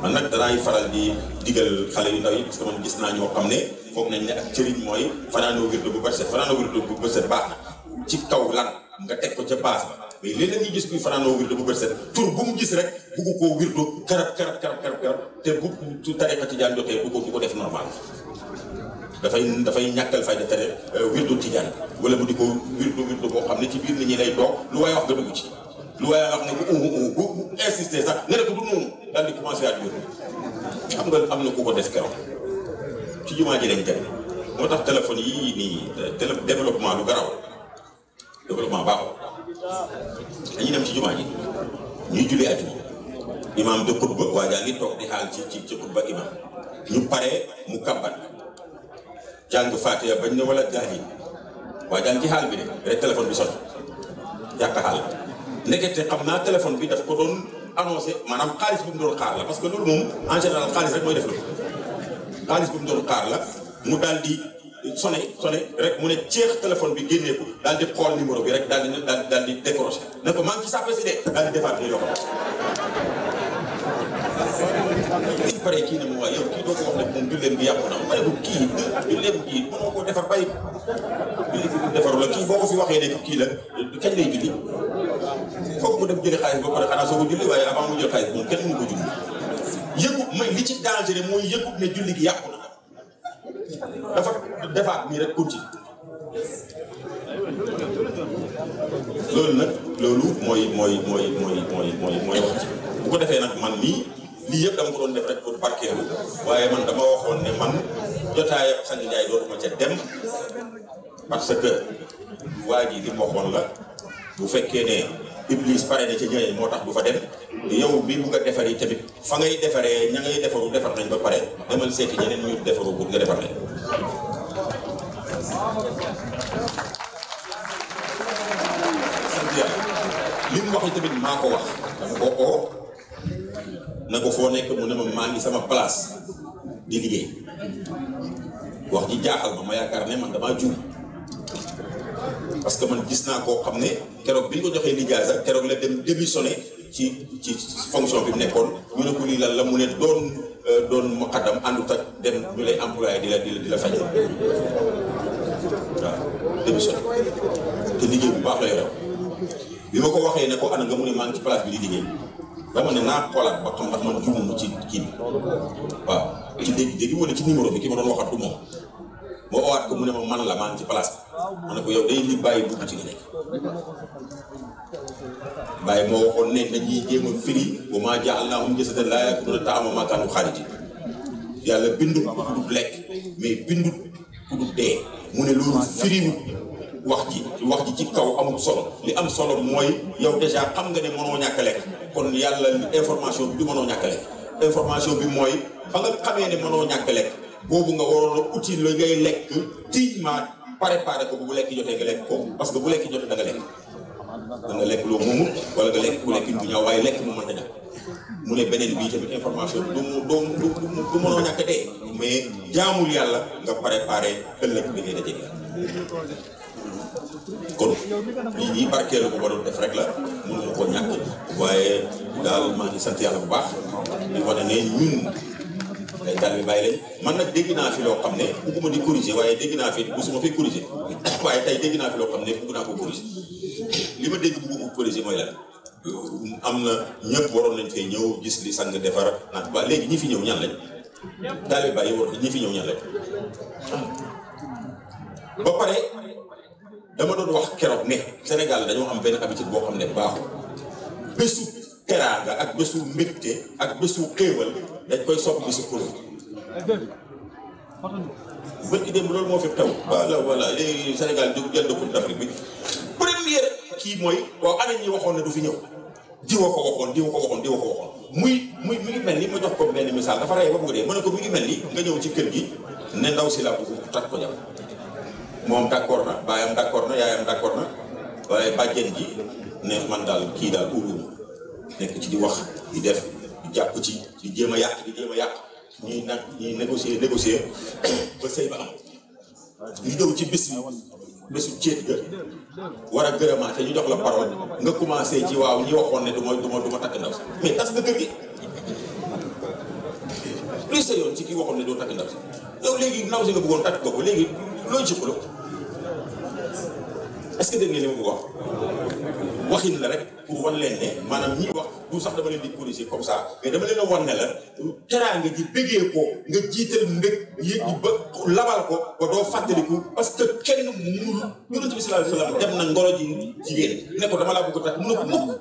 man nag danaay faral di digal xale yu ndaw yi parce gis naa ñoo xam ne foog nañ ne ak cëriñ mooy fanaanoo wirdu bu bërset fanaanoo wirdu bu bërset baax ci kaw lan nga teg ko ca base mais léeg gis kuy fanaanoo wirdu bu bët set pour bu mu gis rek bugg koo wirdu karab karab karab karab te bu tariqa tijaan jotee ko du ko def normal dafay dafay ñàkkal fayda tere euh, wirdu tijaan wala bu di ko wirdu wirdu boo xam ne ci biir nit ñi lay toog lu waaye wax nga dugg ci lu waaye wax ne bu uhu bu insister sax nga ne ko du noonu daal di commencé at wirdu xam nga am na ku ko def keroog ci jumaa ji lañ dem moo tax téléphone yii nii euh, développement lu garaw développement baaxul dañuy dem ci juma ji ñuy julli ajuma imam de khutba waa jaa ngi tok di hal ci ci khutba imam ñu paré mu kabbal jang fatiha bañ na wala jahi yi waa ngi ci bi de rek téléphone bi sot yak xaal ndekete xam naa téléphone bi daf ko don annoncer manam khalis bu ndor xaar la parce que lool mom en général khalis rek moy def lool khalis bu ndor xaar la mu daldi di sone sone rek mu ne ceex téléphone bi génnee ko daal di xool numéro bi rek daal di daal daal di décroché na ko maa ngi ci sa président daal di defaat ñu kii ne ma waaye yow kii doo ko wax ko defar bàyyi julli bi defarul la ko fi waxee ne kii la kañ lay julli foog mu dem jëli xaalis mu jël xaalis moom kenn mënu ko julli yëgu may li ci danger mooy yëgu ne julli gi yàqu na dafa defaat nii rek continué loolu nag loolu mooy mooy mooy mooy mooy mooy mooy wax ci bu ko defee nag man nii lii yëpp dama ko doon def rek pour barkeelu waaye man dama waxoon ne man jotaay ak Xadi Njaay dootuma ca dem parce que waa ji li mu waxoon la bu fekkee ne iblis paré na ca ñëwee moo tax du fa dem yow bi bu a défaré té bit fa ngay défaré ña ngay défaru défar nañ ba paré demal séti ñeneen ñu défaru bu nga défar lé lim mu té bit mako wax o o nako fo nek mu neuma ma ngi sama place di liggéey wax ji jaaxal ma ma yaakaar né man dama juum parce que man gis naa koo xam ne keroog bi ñu ko joxee lijaasa keroog la dem démissionné ci ci fonction bi nekkoon ñu ne ko lii lan la mu ne doon euh, doon muqaddam àndut ak dem ñu lay employé di la di la di la faj waaw démissionné bi ma ko waxee ne ko ana nga mu ne maa ci place bi di liggéey dama ne naa xoolaat ba xam ndax man juumuma ci kii bi waaw ci dégg dégg wala ci numéro bi ki ma doon moom ma oowaat ko mu ne ma man la maa ngi ci place bi ne ko yow day li bàyyi dugg ci li nekk bàyyi moo waxoon ne dañuy jéem a firi wa maa ja'alnaahum jasadan laa ya'kuluuna ta'aama wa maa kaanu xaalidiin yàlla bindul ku dul lekk mais bindul ku dul dee mu ne loolu firiwul wax ji wax ji ci kaw amul solo li am solo mooy yow déjà xam nga ne mënoo ñàkk lekk kon yàlla information bi du mënoo ñàkk lekk information bi mooy ba nga xamee ne mënoo ñàkk lekk boobu nga waroon a outil la ngay lekk dignement préparé ko bu lekk jotee nga lekk ko parce que bu lekk jotee da nga lekk da nga lekk loo moomut wala nga lekk bu lekkin bu a ñàkk mu ne beneen bii tamit information du mu doo du du mënoo ñàkk dee mais jaamul yàlla nga préparé ëllëg bi ngay daje kon lii ñii barkeelu ko ba doon def rek la mënu ma koo ñàkk waaye daal maa ngi sant yàlla bu baax di wane ne ñun ngay taalibe Baay lañ man nag dégg loo xam ne bugguma di corriger waaye dégg naa fi mosuma fi corriger waaye tey dégg loo xam ne bugg li ma dégg bugg ko mooy lan am na ñëpp waroon nañ fee ñëw gis li sang defar naan waa léegi ñi fi ñëw ñan lañ taalibe Baay war ñi fi ñëw ñan lañ ba pare dama doon wax keroog ne Sénégal dañoo am benn habitude boo xam ne baaxul bésu teraanga ak bésu mbégte ak bésu xéewal dañ koy soppi si kuréel. bët dem loolu moo fi taw. voilà voilà léegi Sénégal jóg jël na coupe d'Afrique bi première kii mooy waaw ana ñi waxoon na du fi ñëw diwa ko waxoon diwa ko waxoon diwa ko waxoon muy muy mi ngi mel ni ma jox ko benn misaal dafa rey ba bëgg dee ma ne ko mi ngi mel ni nga ñëw ci kër gi ne ndaw si laa bëgg takk ko ñam moom d'accord na baayam d'accord na yaayam d'accord na waaye bàjjen ji ne man daal kii daal uruum nekk ci di wax di def jàpp di jéem a yàq di jéem yàq ñuy nag ñuy négocier négocier ba sëy ba am ñu ñëw ci bis bésu ceet ga war a gërëmaa ñu jox la parole nga commencé ci waaw ñi waxoon ne du ma du ma du takk ndaw si mais tas nga kër gi plus sa yoon ci kii waxoon ne doo takk ndaw si yow léegi ndaw si nga bëggoon takk ko léegi loo ci xuloo est que dégg ngeen li sax dama leen di corriger comme ça mais dama leen a wan ko nga jiital parce que kenn dem na ngoro ji jigéen ne ko dama laa bëgg a takk mun na ko mukk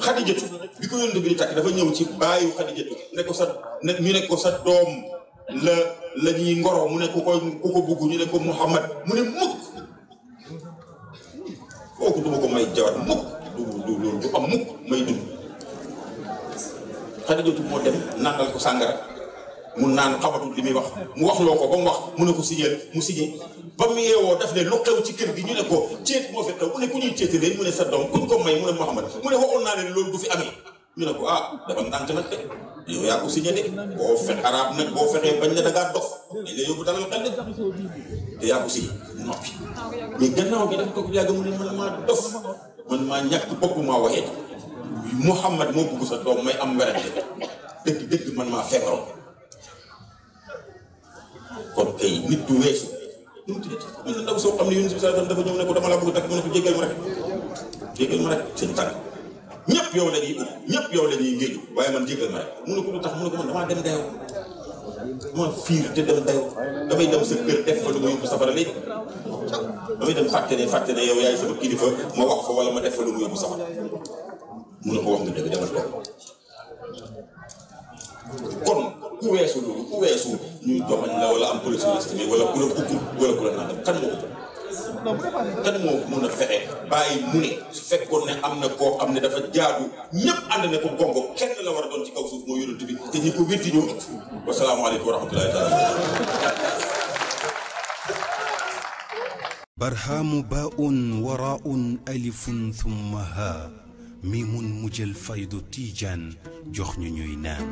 xadijatu bi ko yonent bi di takk dafa ñëw ci baayu xadijatu ne ko sa ñu ne ko sa doom la la ñuy ngoro mu ne ku ko ku ko bugg ñu ne ko Muhammad mu ne mukk kooku duma ko may jawat mukk du du du am mukk may dund Xadijatu moo dem nangal ko sàngara mu naan xamatul li muy wax mu wax ko ba mu wax mu ne ko signéel mu signé ba mu yeewoo daf ne lu xew ci kër gi ñu ne ko céet moo fi mu ne ku ñuy céetaleen mu ne sa doom kuñ ko may mu ne Muhammad mu ne waxoon naa ne loolu du fi amee ñu ne ko ah dafa ngànt nag de yow ya ko signé de boo fexe arab nag bo fexee bañ la daga ngaa dof dañ la yobu dalal xel te ya ko signé noppi mais gannaaw gi dafa ko yàgg mu ne man maa dof man ma ñak bopp ma waxee muhammad mo bugg sa doom may am werante dëgg dëgg man ma feebaroon ko kay nit du weesu nu mu tuddee am ndaw so xamni ne yunus bi wasallam dafa ñew ne ko dama la bëgg tak mu ko jéggal ma rek jéggal ma rek ci tànk ñëpp yow la ñuy yow la ñuy ngéju waaye man jégal ma rek mu ne ko lu tax mu ne ko man damaa dem dayoo dama fiir te dem dayoo damay dem sa kër def fa lu ma yóbbu safara léegi damay dem fàtte ne fàtte ne yow yaay sama kilifa ma wax fa wala ma def fa lu ma yóbbu safara mu ne ko wax nga dëgg demal toog kon ku weesu loolu ku weesu ñu joxañ la wala am police wala ku la bëggul wala ku la nangam kan moo ko kan moo mën a fexe bàyyi xam ne dafa jaadu ñëpp ànd ne barhamu baun waraun alifun thumma ha mi mun mujjël faydu tiijaan ñuy naan